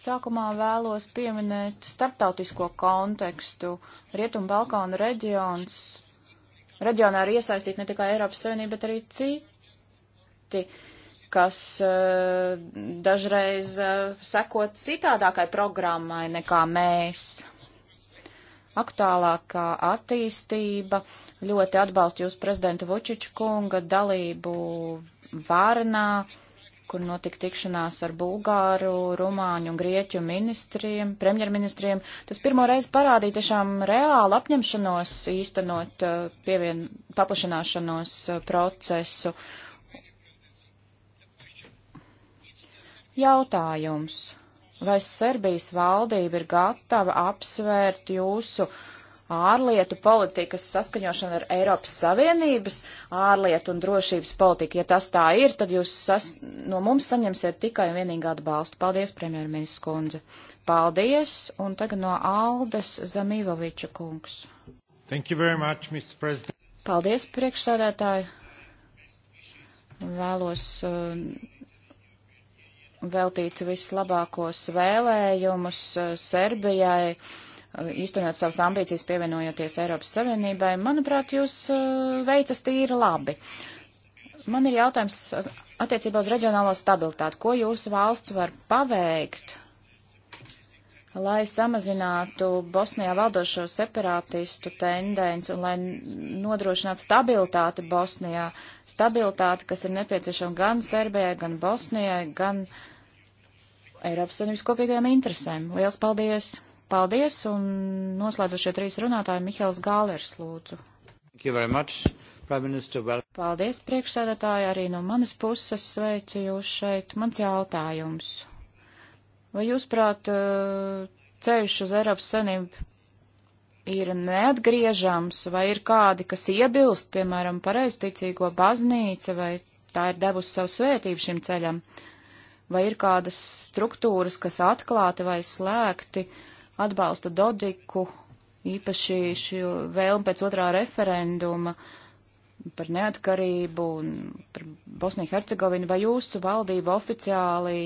Sākumā vēlos pieminēt starptautisko kontekstu. Rietumu Balkānu reģions. Reģionā ir iesaistīta ne tikai Eiropas Savienība, bet arī citi kas uh, dažreiz uh, sekot citādākai programmai nekā mēs. Aktuālākā attīstība ļoti atbalsta jūs prezidenta Vučiča kunga dalību Vārnā, kur notika tikšanās ar Bulgāru, Rumāņu un Grieķu ministriem, premjerministriem. Tas pirmo reizi parādīja tiešām reālu apņemšanos īstenot uh, pievien paplašināšanos procesu. Uh, Jautājums. Vai Serbijas valdība ir gatava apsvērt jūsu ārlietu politikas saskaņošanu ar Eiropas Savienības ārlietu un drošības politiku? Ja tas tā ir, tad jūs sas... no mums saņemsiet tikai un vienīgi atbalstu. Paldies, premjerministrs kundze. Paldies, un tagad no Aldes Zamīvoviča kungs. Thank you very much, Mr. President. Paldies, priekšsēdētāji. Vēlos uh, veltīt vislabākos vēlējumus uh, Serbijai, uh, īstenot savas ambīcijas pievienojoties Eiropas Savienībai. Manuprāt, jūs uh, veicas tīri labi. Man ir jautājums attiecībā uz reģionālo stabilitāti. Ko jūsu valsts var paveikt, lai samazinātu Bosnijā valdošo separātistu tendenci un lai nodrošinātu stabilitāti Bosnijā? Stabilitāti, kas ir nepieciešama gan Serbijai, gan Bosnijai, gan uh, Eiropas Savienības kopīgajām interesēm. Liels paldies! Paldies! Un noslēdzošie trīs runātāji Mihēls Gālers lūdzu. Minister, well... Paldies, priekšsēdētāji, arī no manas puses sveicu jūs šeit. Mans jautājums. Vai jūs prāt eh, ceļš uz Eiropas Savienību ir neatgriežams, vai ir kādi, kas iebilst, piemēram, pareizticīgo baznīca, vai tā ir devusi savu svētību šim ceļam? Uh, vai ir kādas struktūras, kas atklāti vai slēgti atbalsta Dodiku, īpaši šī vēlme pēc otrā referenduma par neatkarību un par Bosniju Hercegovinu, vai jūsu valdība oficiāli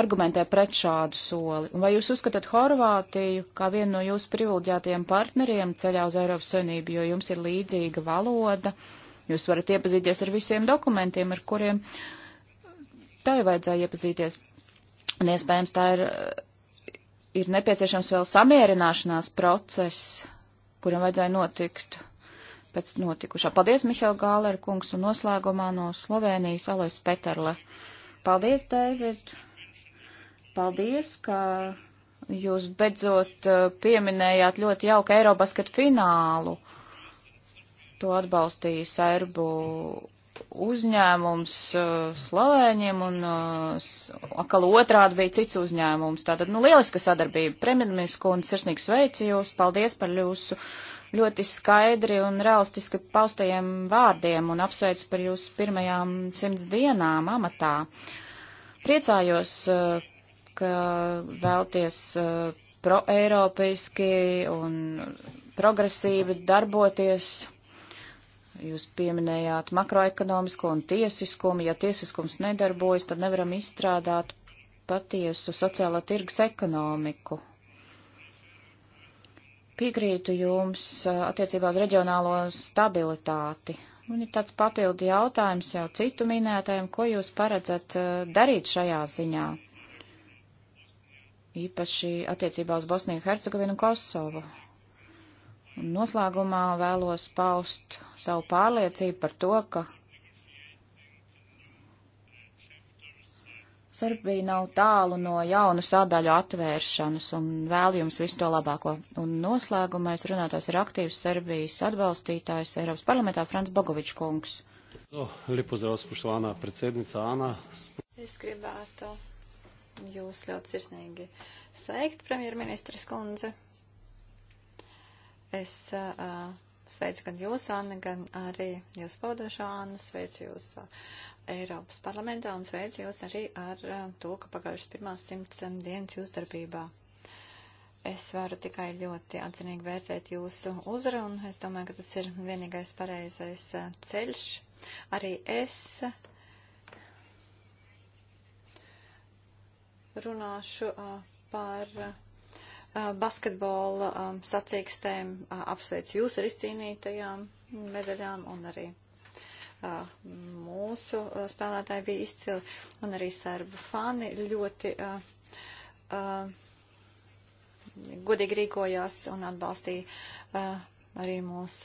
argumentē pret šādu soli? Un vai jūs uzskatāt Horvātiju kā vienu no jūsu privileģētajiem partneriem ceļā uz Eiropas Savienību, jo jums ir līdzīga valoda, jūs varat iepazīties ar visiem dokumentiem, ar kuriem uh, tai vajadzēja iepazīties. Un iespējams tā ir, ir nepieciešams vēl samierināšanās process, kuram vajadzēja notikt pēc notikušā. Paldies, Mihail Gāler kungs, un noslēgumā no Slovenijas Alois Peterle. Paldies, David! Paldies, ka jūs beidzot uh, pieminējāt ļoti jauku Eirobasket finālu. To atbalstīja Serbu uzņēmums uh, Slovēņiem un uh, atkal otrādi bija cits uzņēmums. Tātad, nu, lieliska sadarbība. Premjerministrs kundze, sirsnīgi sveicu jūs, paldies par jūsu ļoti skaidri un realistiski paustajiem vārdiem un apsveicu par jūsu pirmajām simts dienām amatā. Priecājos, uh, ka vēlties proeiropeiski un progresīvi darboties Jūs pieminējāt makroekonomisko un tiesiskumu. Ja tiesiskums nedarbojas, tad nevaram izstrādāt patiesu sociālā tirgus ekonomiku. Piekrītu jums attiecībā uz reģionālo stabilitāti. Un ir tāds papildu jautājums jau citu minētājiem, ko jūs paredzat darīt šajā ziņā? Īpaši attiecībā uz Bosniju, Hercegovinu un Kosovu. Noslēgumā vēlos paust savu pārliecību par to, ka Serbija nav tālu no jaunu sadaļu atvēršanas un vēl jums visu to labāko. Un noslēgumā es runātājs ir aktīvs Serbijas atbalstītājs Eiropas parlamentā Frans Bogovičs kungs. Es gribētu jūs ļoti sirsnīgi sveikt, premjerministras kundze. Es uh, sveicu gan jūs, Anna, gan arī jūs paudošo Annu, sveicu jūs uh, Eiropas parlamentā un sveicu jūs arī ar uh, to, ka pagājušas pirmās simts dienas jūs darbībā. Es varu tikai ļoti atzinīgi vērtēt jūsu uzrunu. Es domāju, ka tas ir vienīgais pareizais ceļš. Arī es runāšu par basketbola sacīkstēm. Apsveicu jūs ar izcīnītajām medaļām un arī mūsu spēlētāji bija izcili un arī serbu fani ļoti uh, uh, godīgi rīkojās un atbalstīja uh, arī mūs.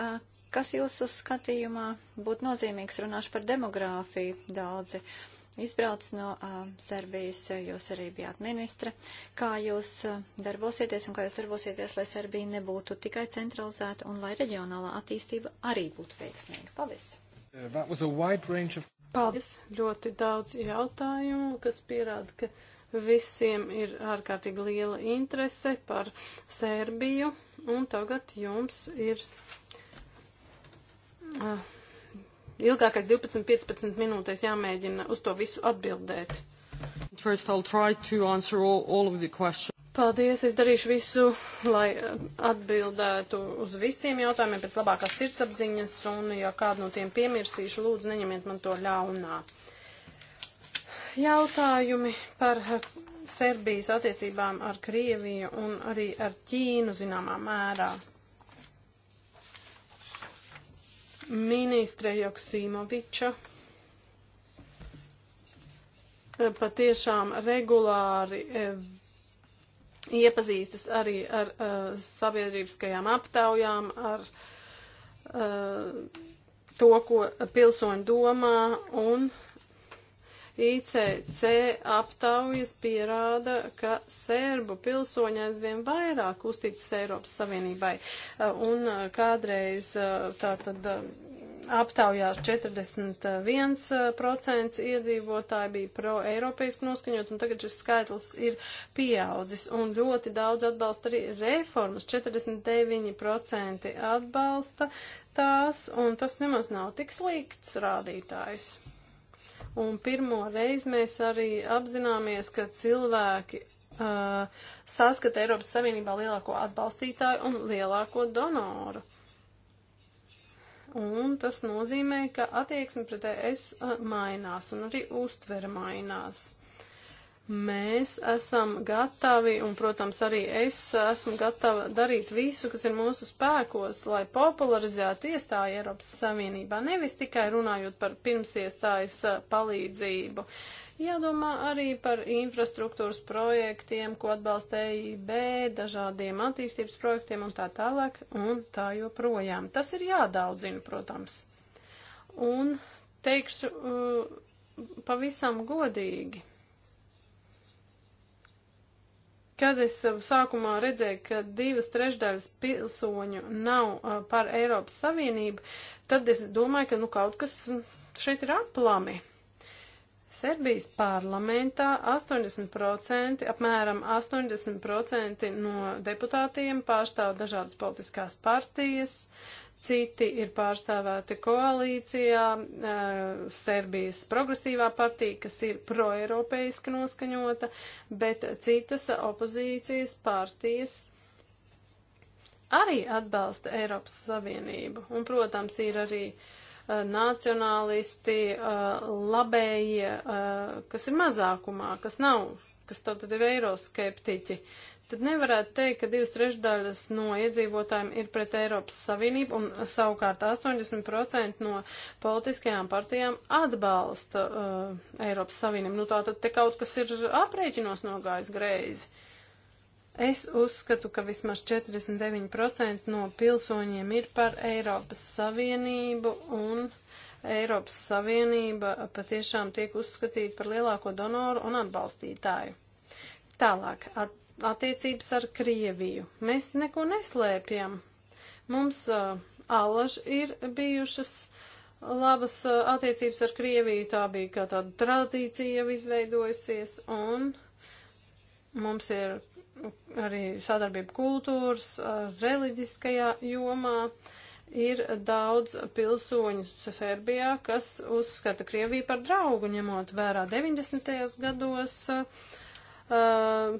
Uh, kas jūsu skatījumā būtu nozīmīgs? Runāšu par demogrāfiju daudzi. Uh, izbrauc no uh, Serbijas, jūs arī bijāt ministra. Kā jūs uh, darbosieties un kā jūs darbosieties, lai Serbija nebūtu tikai centralizēta un lai reģionālā attīstība arī būtu veiksmīga? Paldies! Uh, of... Paldies! Ļoti daudz jautājumu, kas pierāda, ka visiem ir ārkārtīgi liela interese par Serbiju. Un tagad jums ir. Uh, ilgākais 12-15 minūtēs jāmēģina uz to visu atbildēt. First, I'll try to answer all, all of the questions. Paldies, es darīšu visu, lai eh, atbildētu uz visiem jautājumiem pēc labākās sirdsapziņas, un ja kādu no tiem piemirsīšu, lūdzu, neņemiet man to ļaunā. Jautājumi par eh, Serbijas attiecībām ar Krieviju un arī ar Ķīnu zināmā mērā. ministre Joksīmoviča patiešām regulāri e, iepazīstas arī ar uh, sabiedrībiskajām aptaujām, ar uh, to, ko pilsoņi domā, un ICC aptaujas pierāda, ka sērbu pilsoņi aizvien vairāk uzticas Eiropas Savienībai. Uh, un uh, kādreiz uh, tātad aptaujās 41% iedzīvotāji bija pro-eiropeisku noskaņot, un tagad šis skaitlis ir pieaudzis, un ļoti daudz atbalsta arī reformas, 49% atbalsta tās, un tas nemaz nav tik slikts rādītājs. Un pirmo reizi mēs arī apzināmies, ka cilvēki uh, saskata Eiropas Savienībā lielāko atbalstītāju un lielāko donoru. Un tas nozīmē, ka attieksme pret ES mainās un arī uztvere mainās. Mēs esam gatavi, un, protams, arī es esmu gatava darīt visu, kas ir mūsu spēkos, lai popularizētu iestāju Eiropas Savienībā, nevis tikai runājot par pirmsiestājas eh, palīdzību. Jādomā arī par infrastruktūras projektiem, ko atbalsta EIB, dažādiem attīstības projektiem un tā tālāk, un tā joprojām. Tas ir jādaudzina, protams. Un teikšu uh, pavisam godīgi Kad es sākumā redzēju, ka divas trešdaļas pilsoņu nav uh, par Eiropas Savienību, tad es domāju, ka nu kaut kas šeit ir aplami. Serbijas parlamentā 80%, apmēram 80% no deputātiem pārstāv dažādas politiskās partijas, citi ir pārstāvēti koalīcijā, eh, Serbijas progresīvā partija, kas ir proeiropeiski noskaņota, bet citas opozīcijas partijas arī atbalsta Eiropas Savienību. Un, protams, ir arī eh, nacionālisti, eh, labējie, kas ir mazākumā, kas nav, kas tātad ir eiroskeptiķi tad nevarētu teikt, ka divas trešdaļas no iedzīvotājiem ir pret Eiropas Savienību un savukārt 80% no politiskajām partijām atbalsta uh, Eiropas Savienību. Nu tā tad te kaut kas ir aprēķinos nogājis greizi. Es uzskatu, ka vismaz 49% no pilsoņiem ir par Eiropas Savienību un Eiropas Savienība patiešām tiek uzskatīta par lielāko donoru un atbalstītāju. Tālāk, at, attiecības ar Krieviju. Mēs neko neslēpjam. Mums uh, allaž ir bijušas uh, labas uh, attiecības ar Krieviju, tā bija kā tāda tradīcija jau izveidojusies, un mums ir arī sadarbība kultūras, uh, reliģiskajā jomā. Ir daudz pilsoņu Seferbijā, kas uzskata Krieviju par draugu, ņemot vērā 90. gados uh,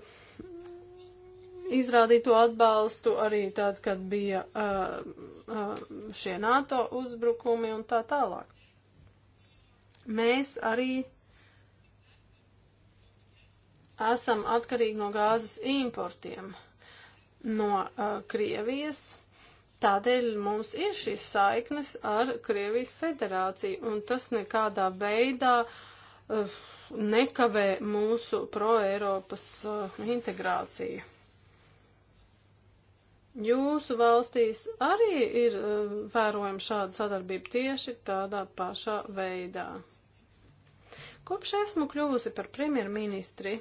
izrādīto atbalstu, arī tad, kad bija uh, uh, šie NATO uzbrukumi un tā tālāk. Mēs arī esam atkarīgi no gāzes importiem no uh, Krievijas. Tādēļ mums ir šīs saiknes ar Krievijas federāciju, un tas nekādā veidā uh, nekavē mūsu pro-Eiropas uh, integrāciju. Jūsu valstīs arī ir um, vērojama šāda sadarbība tieši tādā pašā veidā. Kopš esmu kļuvusi par premjerministri,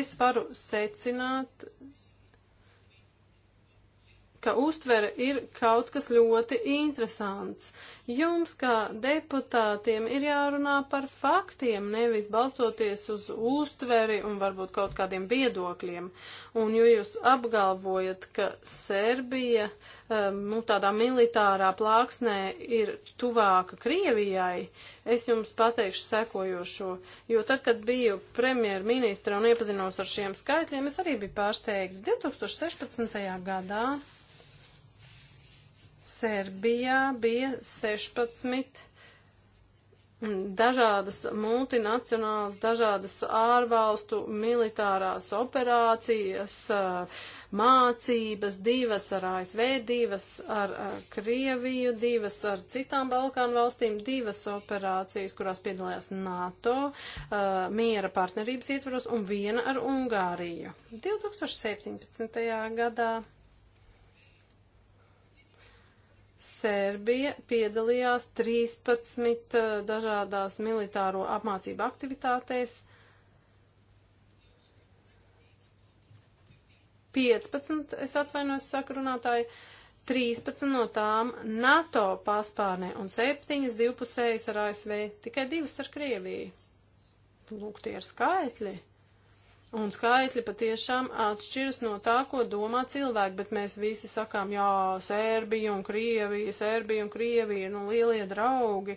es varu secināt, ka uztvere ir kaut kas ļoti interesants. Jums, kā deputātiem, ir jārunā par faktiem, nevis balstoties uz uztveri un varbūt kaut kādiem viedokļiem. Un jo jūs apgalvojat, ka Serbija um, nu, tādā militārā plāksnē ir tuvāka Krievijai, es jums pateikšu sekojošo, jo tad, kad biju premjerministra un iepazinos ar šiem skaitļiem, es arī biju pārsteigta 2016. gadā. Serbijā bija 16 dažādas multinacionālas, dažādas ārvalstu militārās operācijas, mācības, divas ar ASV, divas ar Krieviju, divas ar citām Balkānu valstīm, divas operācijas, kurās piedalījās NATO miera partnerības ietvaros un viena ar Ungāriju. 2017. gadā Sērbija piedalījās 13 eh, dažādās militāro apmācību aktivitātēs. 15, es atvainojos sakrunātāji, 13 no tām NATO paspārnē un 7 divpusējas ar ASV, tikai 2 ar Krieviju. Lūk, tie ir skaitļi. Un skaitļi patiešām atšķiras no tā, ko domā cilvēki, bet mēs visi sakām, jā, Sērbija un Krievija, Sērbija un Krievija, nu lielie draugi,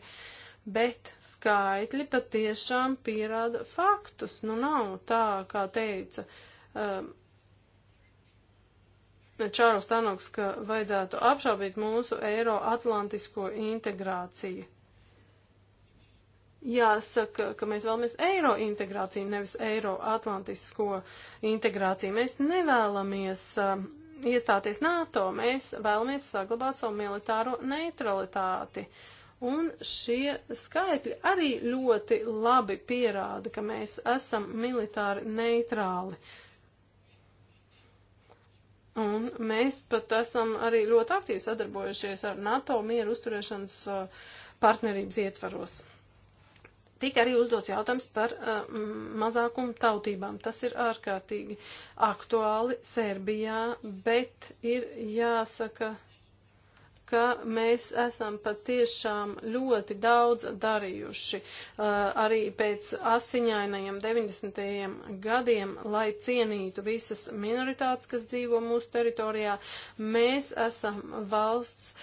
bet skaitļi patiešām pierāda faktus, nu nav tā, kā teica. Um, Čārls Tanoks, ka vajadzētu apšaubīt mūsu Eiroatlantisko integrāciju. Jāsaka, ka mēs vēlamies eiro integrāciju, nevis eiro atlantisko integrāciju. Mēs nevēlamies uh, iestāties NATO, mēs vēlamies saglabāt savu militāro neutralitāti. Un šie skaitļi arī ļoti labi pierāda, ka mēs esam militāri neitrāli. Un mēs pat esam arī ļoti aktīvi sadarbojušies ar NATO mieru uzturēšanas uh, partnerības ietvaros tika arī uzdots jautājums par uh, mazākumu tautībām. Tas ir ārkārtīgi aktuāli Serbijā, bet ir jāsaka, ka mēs esam patiešām ļoti daudz darījuši uh, arī pēc asiņainajiem 90. gadiem, lai cienītu visas minoritātes, kas dzīvo mūsu teritorijā. Mēs esam valsts,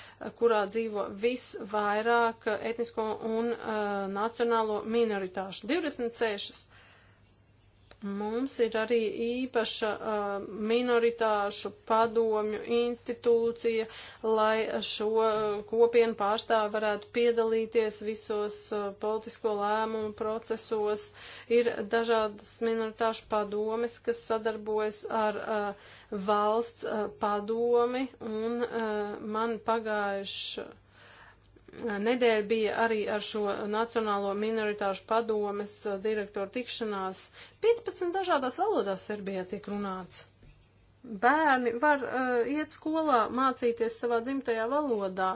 kurā dzīvo visvairāk etnisko un uh, nacionālo minoritāšu - 26 Mums ir arī īpaša uh, minoritāšu padomju institūcija, lai šo kopienu pārstāvi varētu piedalīties visos uh, politisko lēmumu procesos. Ir dažādas minoritāšu padomes, kas sadarbojas ar uh, valsts uh, padomi, un uh, man pagājuši Nedēļa bija arī ar šo Nacionālo minoritāšu padomes eh, direktoru tikšanās. 15 dažādās valodās Serbijā tiek runāts. Bērni var uh, iet skolā, mācīties savā dzimtajā valodā.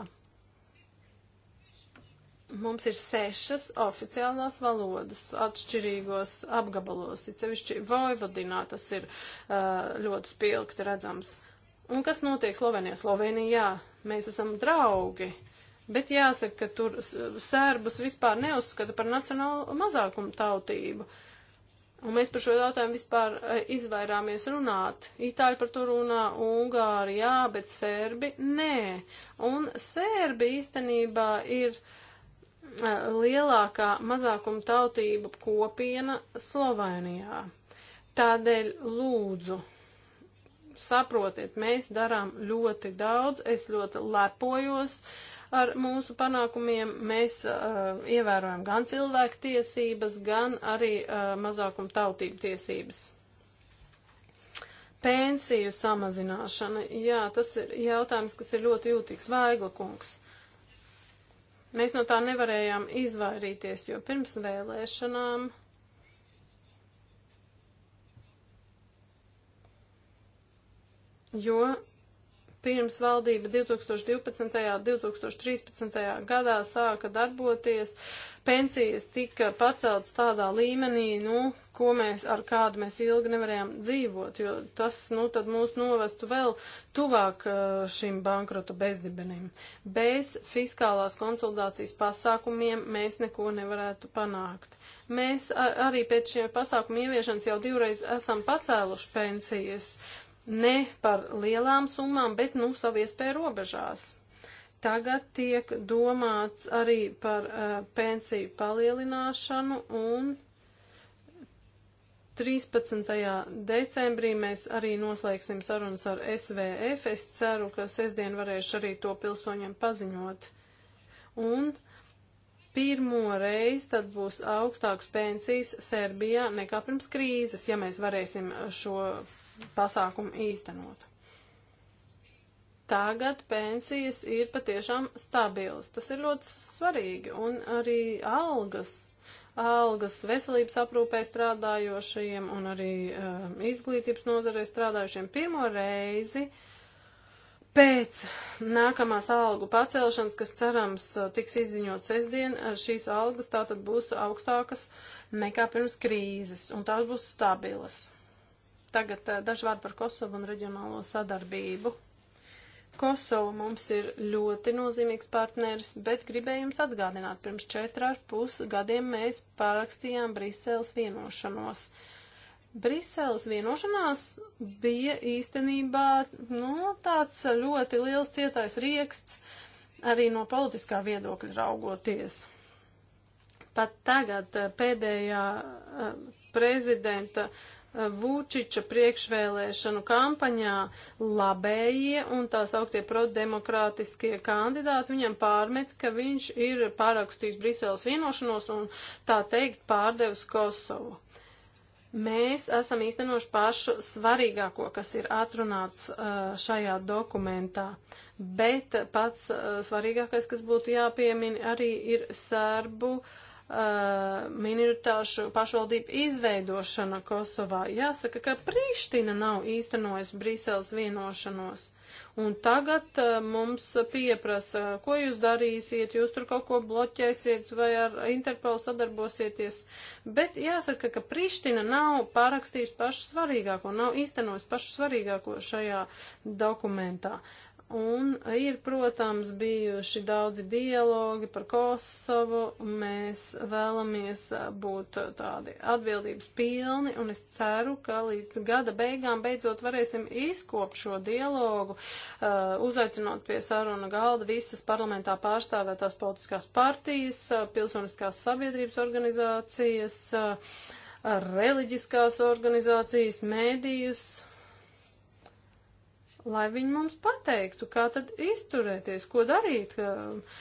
Mums ir sešas oficiālās valodas atšķirīgos apgabalos, it sevišķi Vojvodinā tas ir uh, ļoti spilgti redzams. Un kas notiek Slovenijā? Slovenijā mēs esam draugi. Uh, Bet jāsaka, ka tur sērbus vispār neuzskata par nacionālu mazākumu tautību. Un mēs par šo jautājumu vispār e, izvairāmies runāt. Itāļi par to runā, Ungāri, jā, bet Sērbi nē. Un Sērbi īstenībā ir e, lielākā mazākuma tautība kopiena Slovenijā. Tādēļ lūdzu, saprotiet, mēs darām ļoti daudz, es ļoti lepojos. Uh, Ar mūsu panākumiem mēs uh, ievērojam gan cilvēku tiesības, gan arī uh, mazākumu tautību tiesības. Pensiju samazināšana, jā, tas ir jautājums, kas ir ļoti jūtīgs, vaigla kungs. Mēs no tā nevarējām izvairīties, jo pirms vēlēšanām jo pirms valdība 2012. un 2013. gadā sāka darboties, pensijas tika paceltas tādā līmenī, nu, ko mēs ar kādu mēs ilgi nevarējām dzīvot, jo tas, nu, tad mūs novestu vēl tuvāk uh, šim bankrota bezdibenim. Bez fiskālās konsolidācijas pasākumiem mēs neko nevarētu panākt. Mēs ar, arī pēc šiem pasākumu ieviešanas jau divreiz esam pacēluši pensijas. Uh, ne par lielām summām, bet, nu, savu iespēju robežās. Tagad tiek domāts arī par uh, pensiju palielināšanu un 13. decembrī mēs arī noslēgsim sarunas ar SVF. Es ceru, ka sestdien varēšu arī to pilsoņiem paziņot. Un pirmo reizi tad būs augstāks pensijas Serbijā nekā pirms krīzes, ja mēs varēsim šo pasākumu īstenot. Tagad pensijas ir patiešām stabilas. Tas ir ļoti svarīgi. Un arī algas algas veselības aprūpē strādājošajiem un arī um, izglītības nozarē strādājošiem pirmo reizi pēc nākamās algu pacelšanas, kas cerams uh, tiks izziņot sestdien, uh, šīs algas tātad būs augstākas nekā pirms krīzes un tās būs stabilas. Tagad daži vārdi par Kosovu un reģionālo sadarbību. Kosova mums ir ļoti nozīmīgs partneris, bet gribēju jums atgādināt, pirms četrā ar pus gadiem mēs pārakstījām Briseles vienošanos. Briseles vienošanās bija īstenībā nu, tāds ļoti liels cietais rieksts, arī no politiskā viedokļa raugoties. Pat tagad pēdējā prezidenta uh, Vučiča priekšvēlēšanu kampaņā labējie un tās augtie prodemokrātiskie kandidāti viņam pārmet, ka viņš ir pārakstījis Briseles vienošanos un tā teikt pārdevis Kosovu. Mēs esam īstenoši pašu svarīgāko, kas ir atrunāts uh, šajā dokumentā, bet pats uh, svarīgākais, kas būtu jāpiemina, arī ir serbu uh, Uh, minoritāšu pašvaldību izveidošana Kosovā. Jāsaka, ka Prīština nav īstenojusi Brīseles vienošanos. Un tagad uh, mums pieprasa, ko jūs darīsiet, jūs tur kaut ko bloķēsiet vai ar Interpolu sadarbosieties. Bet jāsaka, ka Priština nav pārakstījusi pašu svarīgāko, nav īstenojusi pašu svarīgāko šajā dokumentā. Uh, Un ir, protams, bijuši daudzi dialogi par Kosovu. Mēs vēlamies uh, būt uh, tādi atbildības pilni, un es ceru, ka līdz gada beigām beidzot varēsim izkop šo dialogu, uh, uzaicinot pie saruna galda visas parlamentā pārstāvētās politiskās partijas, uh, pilsoniskās sabiedrības organizācijas, uh, reliģiskās organizācijas, mēdījus lai viņi mums pateiktu, kā tad izturēties, ko darīt, eh,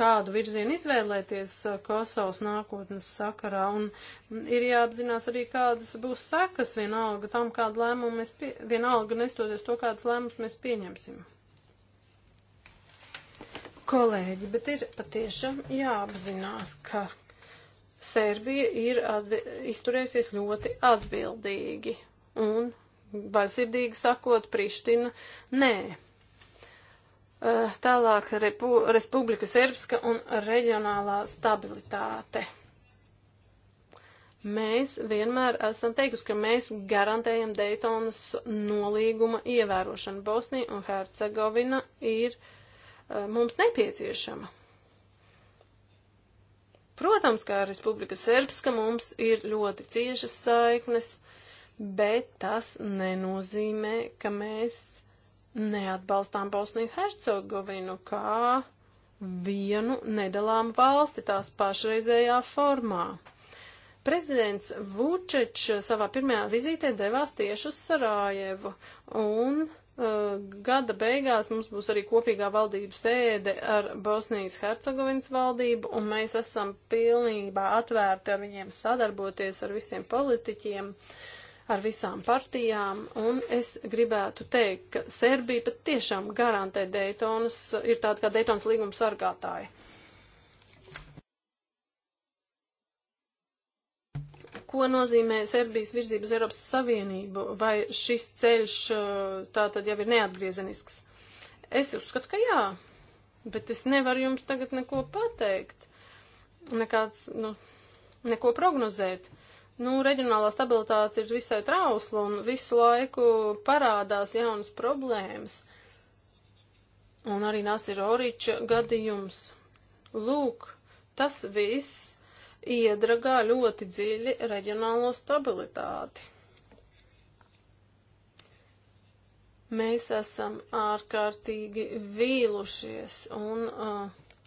kādu virzienu izvēlēties eh, Kosovas nākotnes sakarā. Un mm, ir jāapzinās arī, kādas būs sekas vienalga tam, kādu lēmumu mēs, pie, vienalga nestoties to, kādas lēmumus mēs pieņemsim. Kolēģi, bet ir patiešām jāapzinās, ka Serbija ir atbi izturējusies ļoti atbildīgi un Barsirdīgi sakot, Priština nē. Tālāk Repu, Republika Serbska un reģionālā stabilitāte. Mēs vienmēr esam teikusi, ka mēs garantējam Daytonas nolīguma ievērošanu. Bosnija un Hercegovina ir mums nepieciešama. Protams, kā Republika Serbska mums ir ļoti ciešas saiknes bet tas nenozīmē, ka mēs neatbalstām Bosniju Hercegovinu kā vienu nedalām valsti tās pašreizējā formā. Prezidents Vučečs savā pirmajā vizītē devās tieši uz Sarajevu un uh, gada beigās mums būs arī kopīgā valdības sēde ar Bosnijas Hercegovinas valdību, un mēs esam pilnībā atvērti ar viņiem sadarboties ar visiem politiķiem. Uh, ar visām partijām, un es gribētu teikt, ka Serbija pat tiešām garantē Daytonas, ir tāda kā Daytonas līguma sargātāja. Ko nozīmē Serbijas virzība uz Eiropas Savienību? Vai šis ceļš eh, tātad jau ir neatgriezenisks? Es uzskatu, ka jā, bet es nevaru jums tagad neko pateikt, nekāds, nu, neko prognozēt. Uh, Nu, reģionālā stabilitāte ir visai trausla un visu laiku parādās jaunas problēmas. Un arī Nasir Oriča gadījums. Lūk, tas viss iedragā ļoti dziļi reģionālo stabilitāti. Mēs esam ārkārtīgi vīlušies un uh,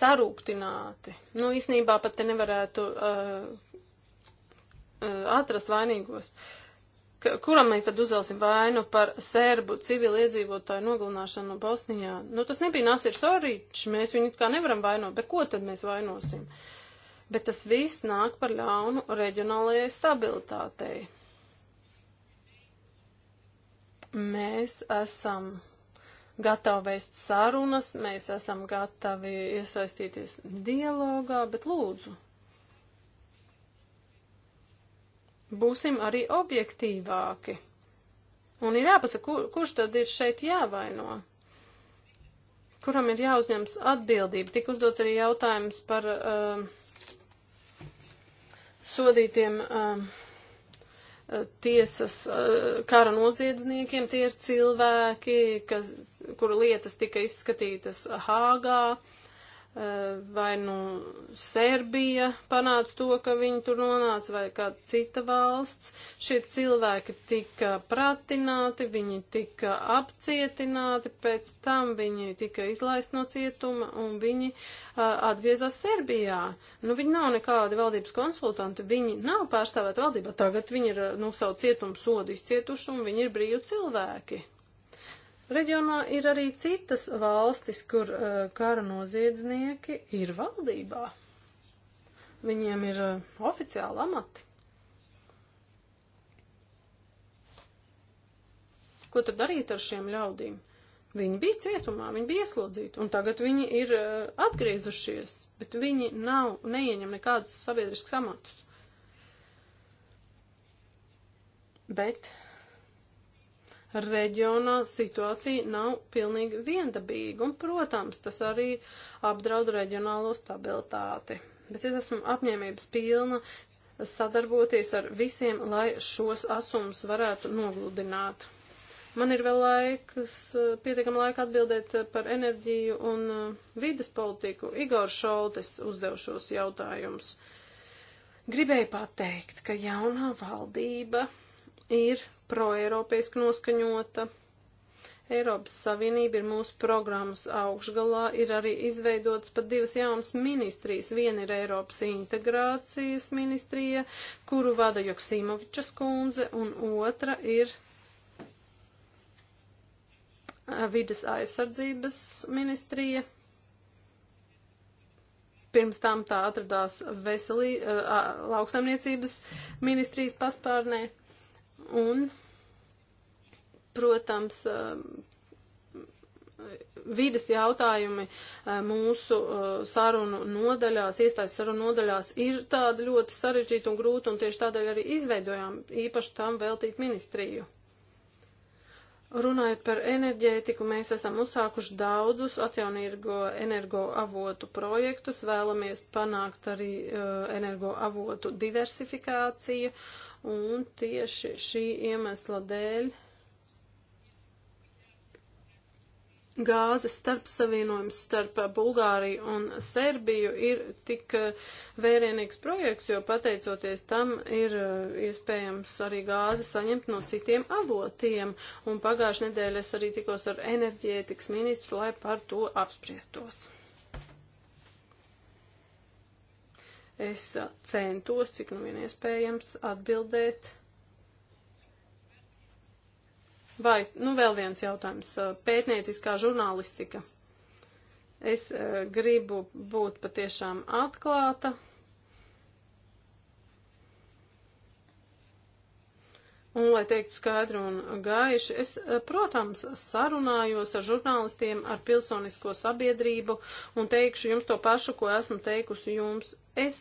sarūktināti. Nu, īsnībā pat te nevarētu uh, Eh, atrast vainīgos. Kuram mēs tad uzvelsim vainu par serbu civiliedzīvotāju nogalināšanu Bosnijā? Nu, tas nebija Nasirs Orīčs, mēs viņu kā nevaram vainot, bet ko tad mēs vainosim? Bet tas viss nāk par ļaunu reģionālajai stabilitātei. Mēs esam gatavi veist sarunas, mēs esam gatavi iesaistīties dialogā, bet lūdzu, Būsim arī objektīvāki. Un ir jāpasaka, kur, kurš tad ir šeit jāvaino? Kuram ir jāuzņems atbildība? Tik uzdots arī jautājums par uh, sodītiem uh, tiesas uh, kara noziedzniekiem. Tie ir cilvēki, kas, kuru lietas tika izskatītas Hāgā. Uh, Eh, vai nu Serbija panāca to, ka viņi tur nonāca, vai kāda cita valsts. Šie cilvēki tika pratināti, viņi tika apcietināti, pēc tam viņi tika izlaist no cietuma un viņi uh, atgriezās Serbijā. Nu, viņi nav nekādi valdības konsultanti, viņi nav pārstāvēti valdībā. Tagad viņi ir, eh, nu, savu cietumu sodu izcietuši un viņi ir brīvi cilvēki. Reģionā ir arī citas valstis, kur uh, kara noziedznieki ir valdībā. Viņiem ir uh, oficiāli amati. Ko tad darīt ar šiem ļaudīm? Viņi bija cietumā, viņi bija ieslodzīti, un tagad viņi ir uh, atgriezušies, bet viņi nav, neieņem nekādus sabiedriskus amatus. Bet reģionā situācija nav pilnīgi viendabīga, un, protams, tas arī apdraud reģionālo stabilitāti. Bet es esmu apņēmības pilna sadarboties ar visiem, lai šos asumus varētu nogludināt. Man ir vēl laiks, pietiekami laika atbildēt par enerģiju un uh, vidas politiku. Igor Šoltes uzdev šos jautājumus. Gribēju pateikt, ka jaunā valdība ir proeiropeiski noskaņota. Eiropas Savienība ir mūsu programmas augšgalā, ir arī izveidotas pat divas jaunas ministrijas. Viena ir Eiropas integrācijas ministrija, kuru vada Joksimovičas kundze, un otra ir vides aizsardzības ministrija. Pirms tam tā atradās veselī, lauksaimniecības ministrijas paspārnē. Un, protams, um, vides jautājumi uh, mūsu uh, sarunu nodaļās, iestājas sarunu nodaļās ir tāda ļoti sarežģīta un grūta, un tieši tādēļ arī izveidojām īpaši tam veltīt ministriju. Runājot par enerģētiku, mēs esam uzsākuši daudzus atjaunīgo energoavotu projektus, vēlamies panākt arī uh, energoavotu diversifikāciju. Uh, un tieši šī iemesla dēļ gāzes starpsavienojums starp Bulgāriju un Serbiju ir tik eh, vērienīgs projekts, jo pateicoties tam ir eh, iespējams arī gāzi saņemt no citiem avotiem. Un pagājušajā nedēļā es arī tikos ar enerģētikas ministru, lai par to apspriestos. Es centos, cik nu vien iespējams, atbildēt. Vai, nu vēl viens jautājums. Pētnieciskā žurnālistika. Es eh, gribu būt patiešām atklāta Un, lai teiktu skaidru un gaišu, es, eh, protams, sarunājos ar žurnālistiem, ar pilsonisko sabiedrību un teikšu jums to pašu, ko esmu teikusi jums. Es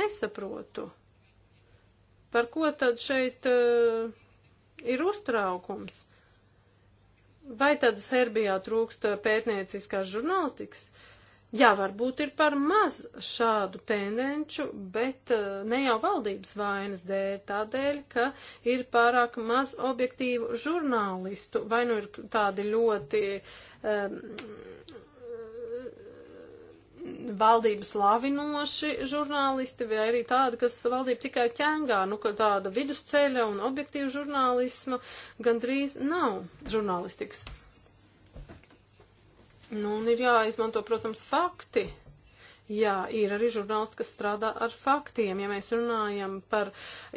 nesaprotu, par ko tad šeit uh, ir uztraukums. Vai tad Serbijā trūkst eh, pētnieciskās žurnālistikas? Uh, Jā, varbūt ir par maz šādu tendenču, bet eh, ne jau valdības vainas dēļ, tādēļ, ka ir pārāk maz objektīvu žurnālistu, vai nu ir tādi ļoti um, valdības lavinoši žurnālisti, vai arī tādi, kas valdību tikai ķengā, nu, ka tāda vidusceļa un objektīva žurnālisma gandrīz nav žurnālistikas. Nu, un ir jāizmanto, protams, fakti. Jā, ir arī žurnālisti, kas strādā ar faktiem. Ja mēs runājam par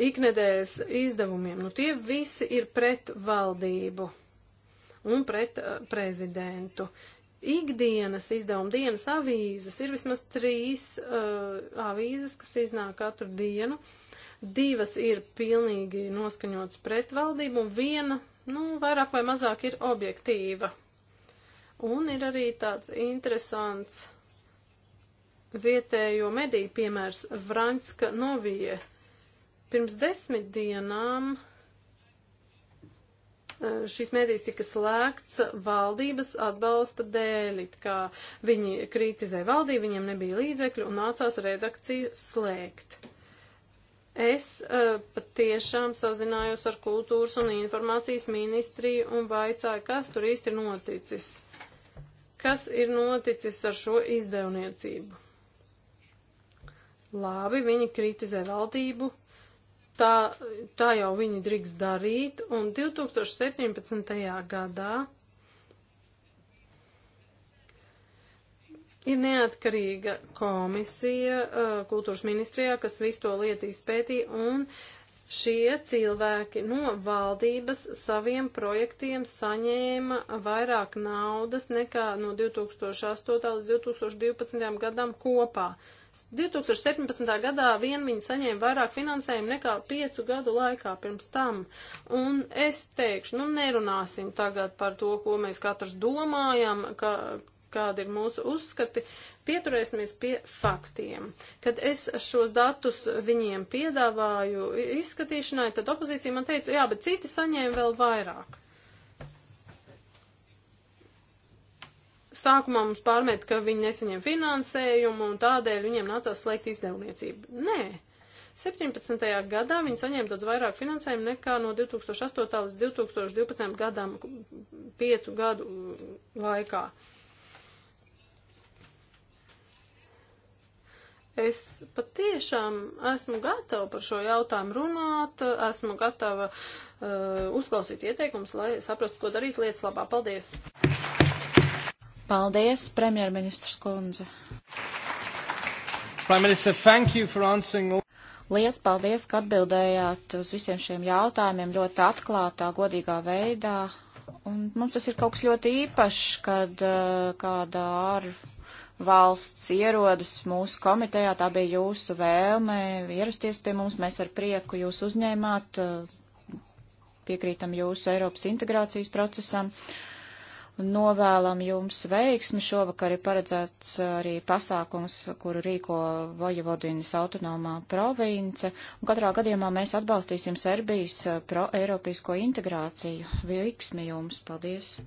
iknedēļas izdevumiem, nu tie visi ir pret valdību un pret uh, prezidentu. Ikdienas izdevuma dienas avīzes ir vismaz trīs uh, avīzes, kas iznāk katru dienu. Divas ir pilnīgi noskaņotas pret valdību un viena, nu, vairāk vai mazāk ir objektīva. Un ir arī tāds interesants vietējo mediju piemērs Vraņska Novie. Pirms desmit dienām e, šīs mēdīs tika slēgts valdības atbalsta dēļ, kā viņi kritizē valdību, viņiem nebija līdzekļu un nācās redakciju slēgt. Es uh, patiešām sazinājos ar kultūras un informācijas ministriju un vaicāju, kas tur īsti noticis. Uh, Kas ir noticis ar šo izdevniecību? Labi, viņi kritizē valdību, tā, tā jau viņi drīkst darīt, un 2017. gadā Ir neatkarīga komisija uh, kultūras ministrijā, kas visu to lietu izpētīja, un šie cilvēki no valdības saviem projektiem saņēma vairāk naudas nekā no 2008. līdz 2012. gadam kopā. 2017. gadā vien viņi saņēma vairāk finansējumu nekā piecu gadu laikā pirms tam. Un es teikšu, nu nerunāsim tagad par to, ko mēs katrs domājam, ka, kādi ir mūsu uzskati, pieturēsimies pie faktiem. Kad es šos datus viņiem piedāvāju izskatīšanai, tad opozīcija man teica, jā, bet citi saņēma vēl vairāk. Sākumā mums pārmet, ka viņi nesaņem finansējumu un tādēļ viņiem nācās slēgt izdevniecību. Nē, 17. gadā viņi saņēma daudz vairāk finansējumu nekā no 2008. līdz 2012. gadam, piecu gadu mm, laikā. Es patiešām esmu gatava par šo jautājumu runāt, esmu gatava uh, uzklausīt ieteikumus, lai saprastu, ko darīt lietas labā. Paldies! Paldies, premjerministrs Kundze! Prime Minister, thank you for answering all. Liels paldies, ka atbildējāt uz visiem šiem jautājumiem ļoti atklātā, godīgā veidā. Un mums tas ir kaut kas ļoti īpašs, kad uh, kāda ārā valsts ierodas mūsu komitejā, tā bija jūsu vēlme ierasties pie mums, mēs ar prieku jūs uzņēmāt, eh, piekrītam jūsu Eiropas integrācijas procesam. Novēlam jums veiksmi. Šovakar ir paredzēts eh, arī pasākums, kuru rīko Vojavodinas autonomā province. Un katrā gadījumā mēs atbalstīsim Serbijas eh, pro-eiropisko integrāciju. Veiksmi jums! Paldies!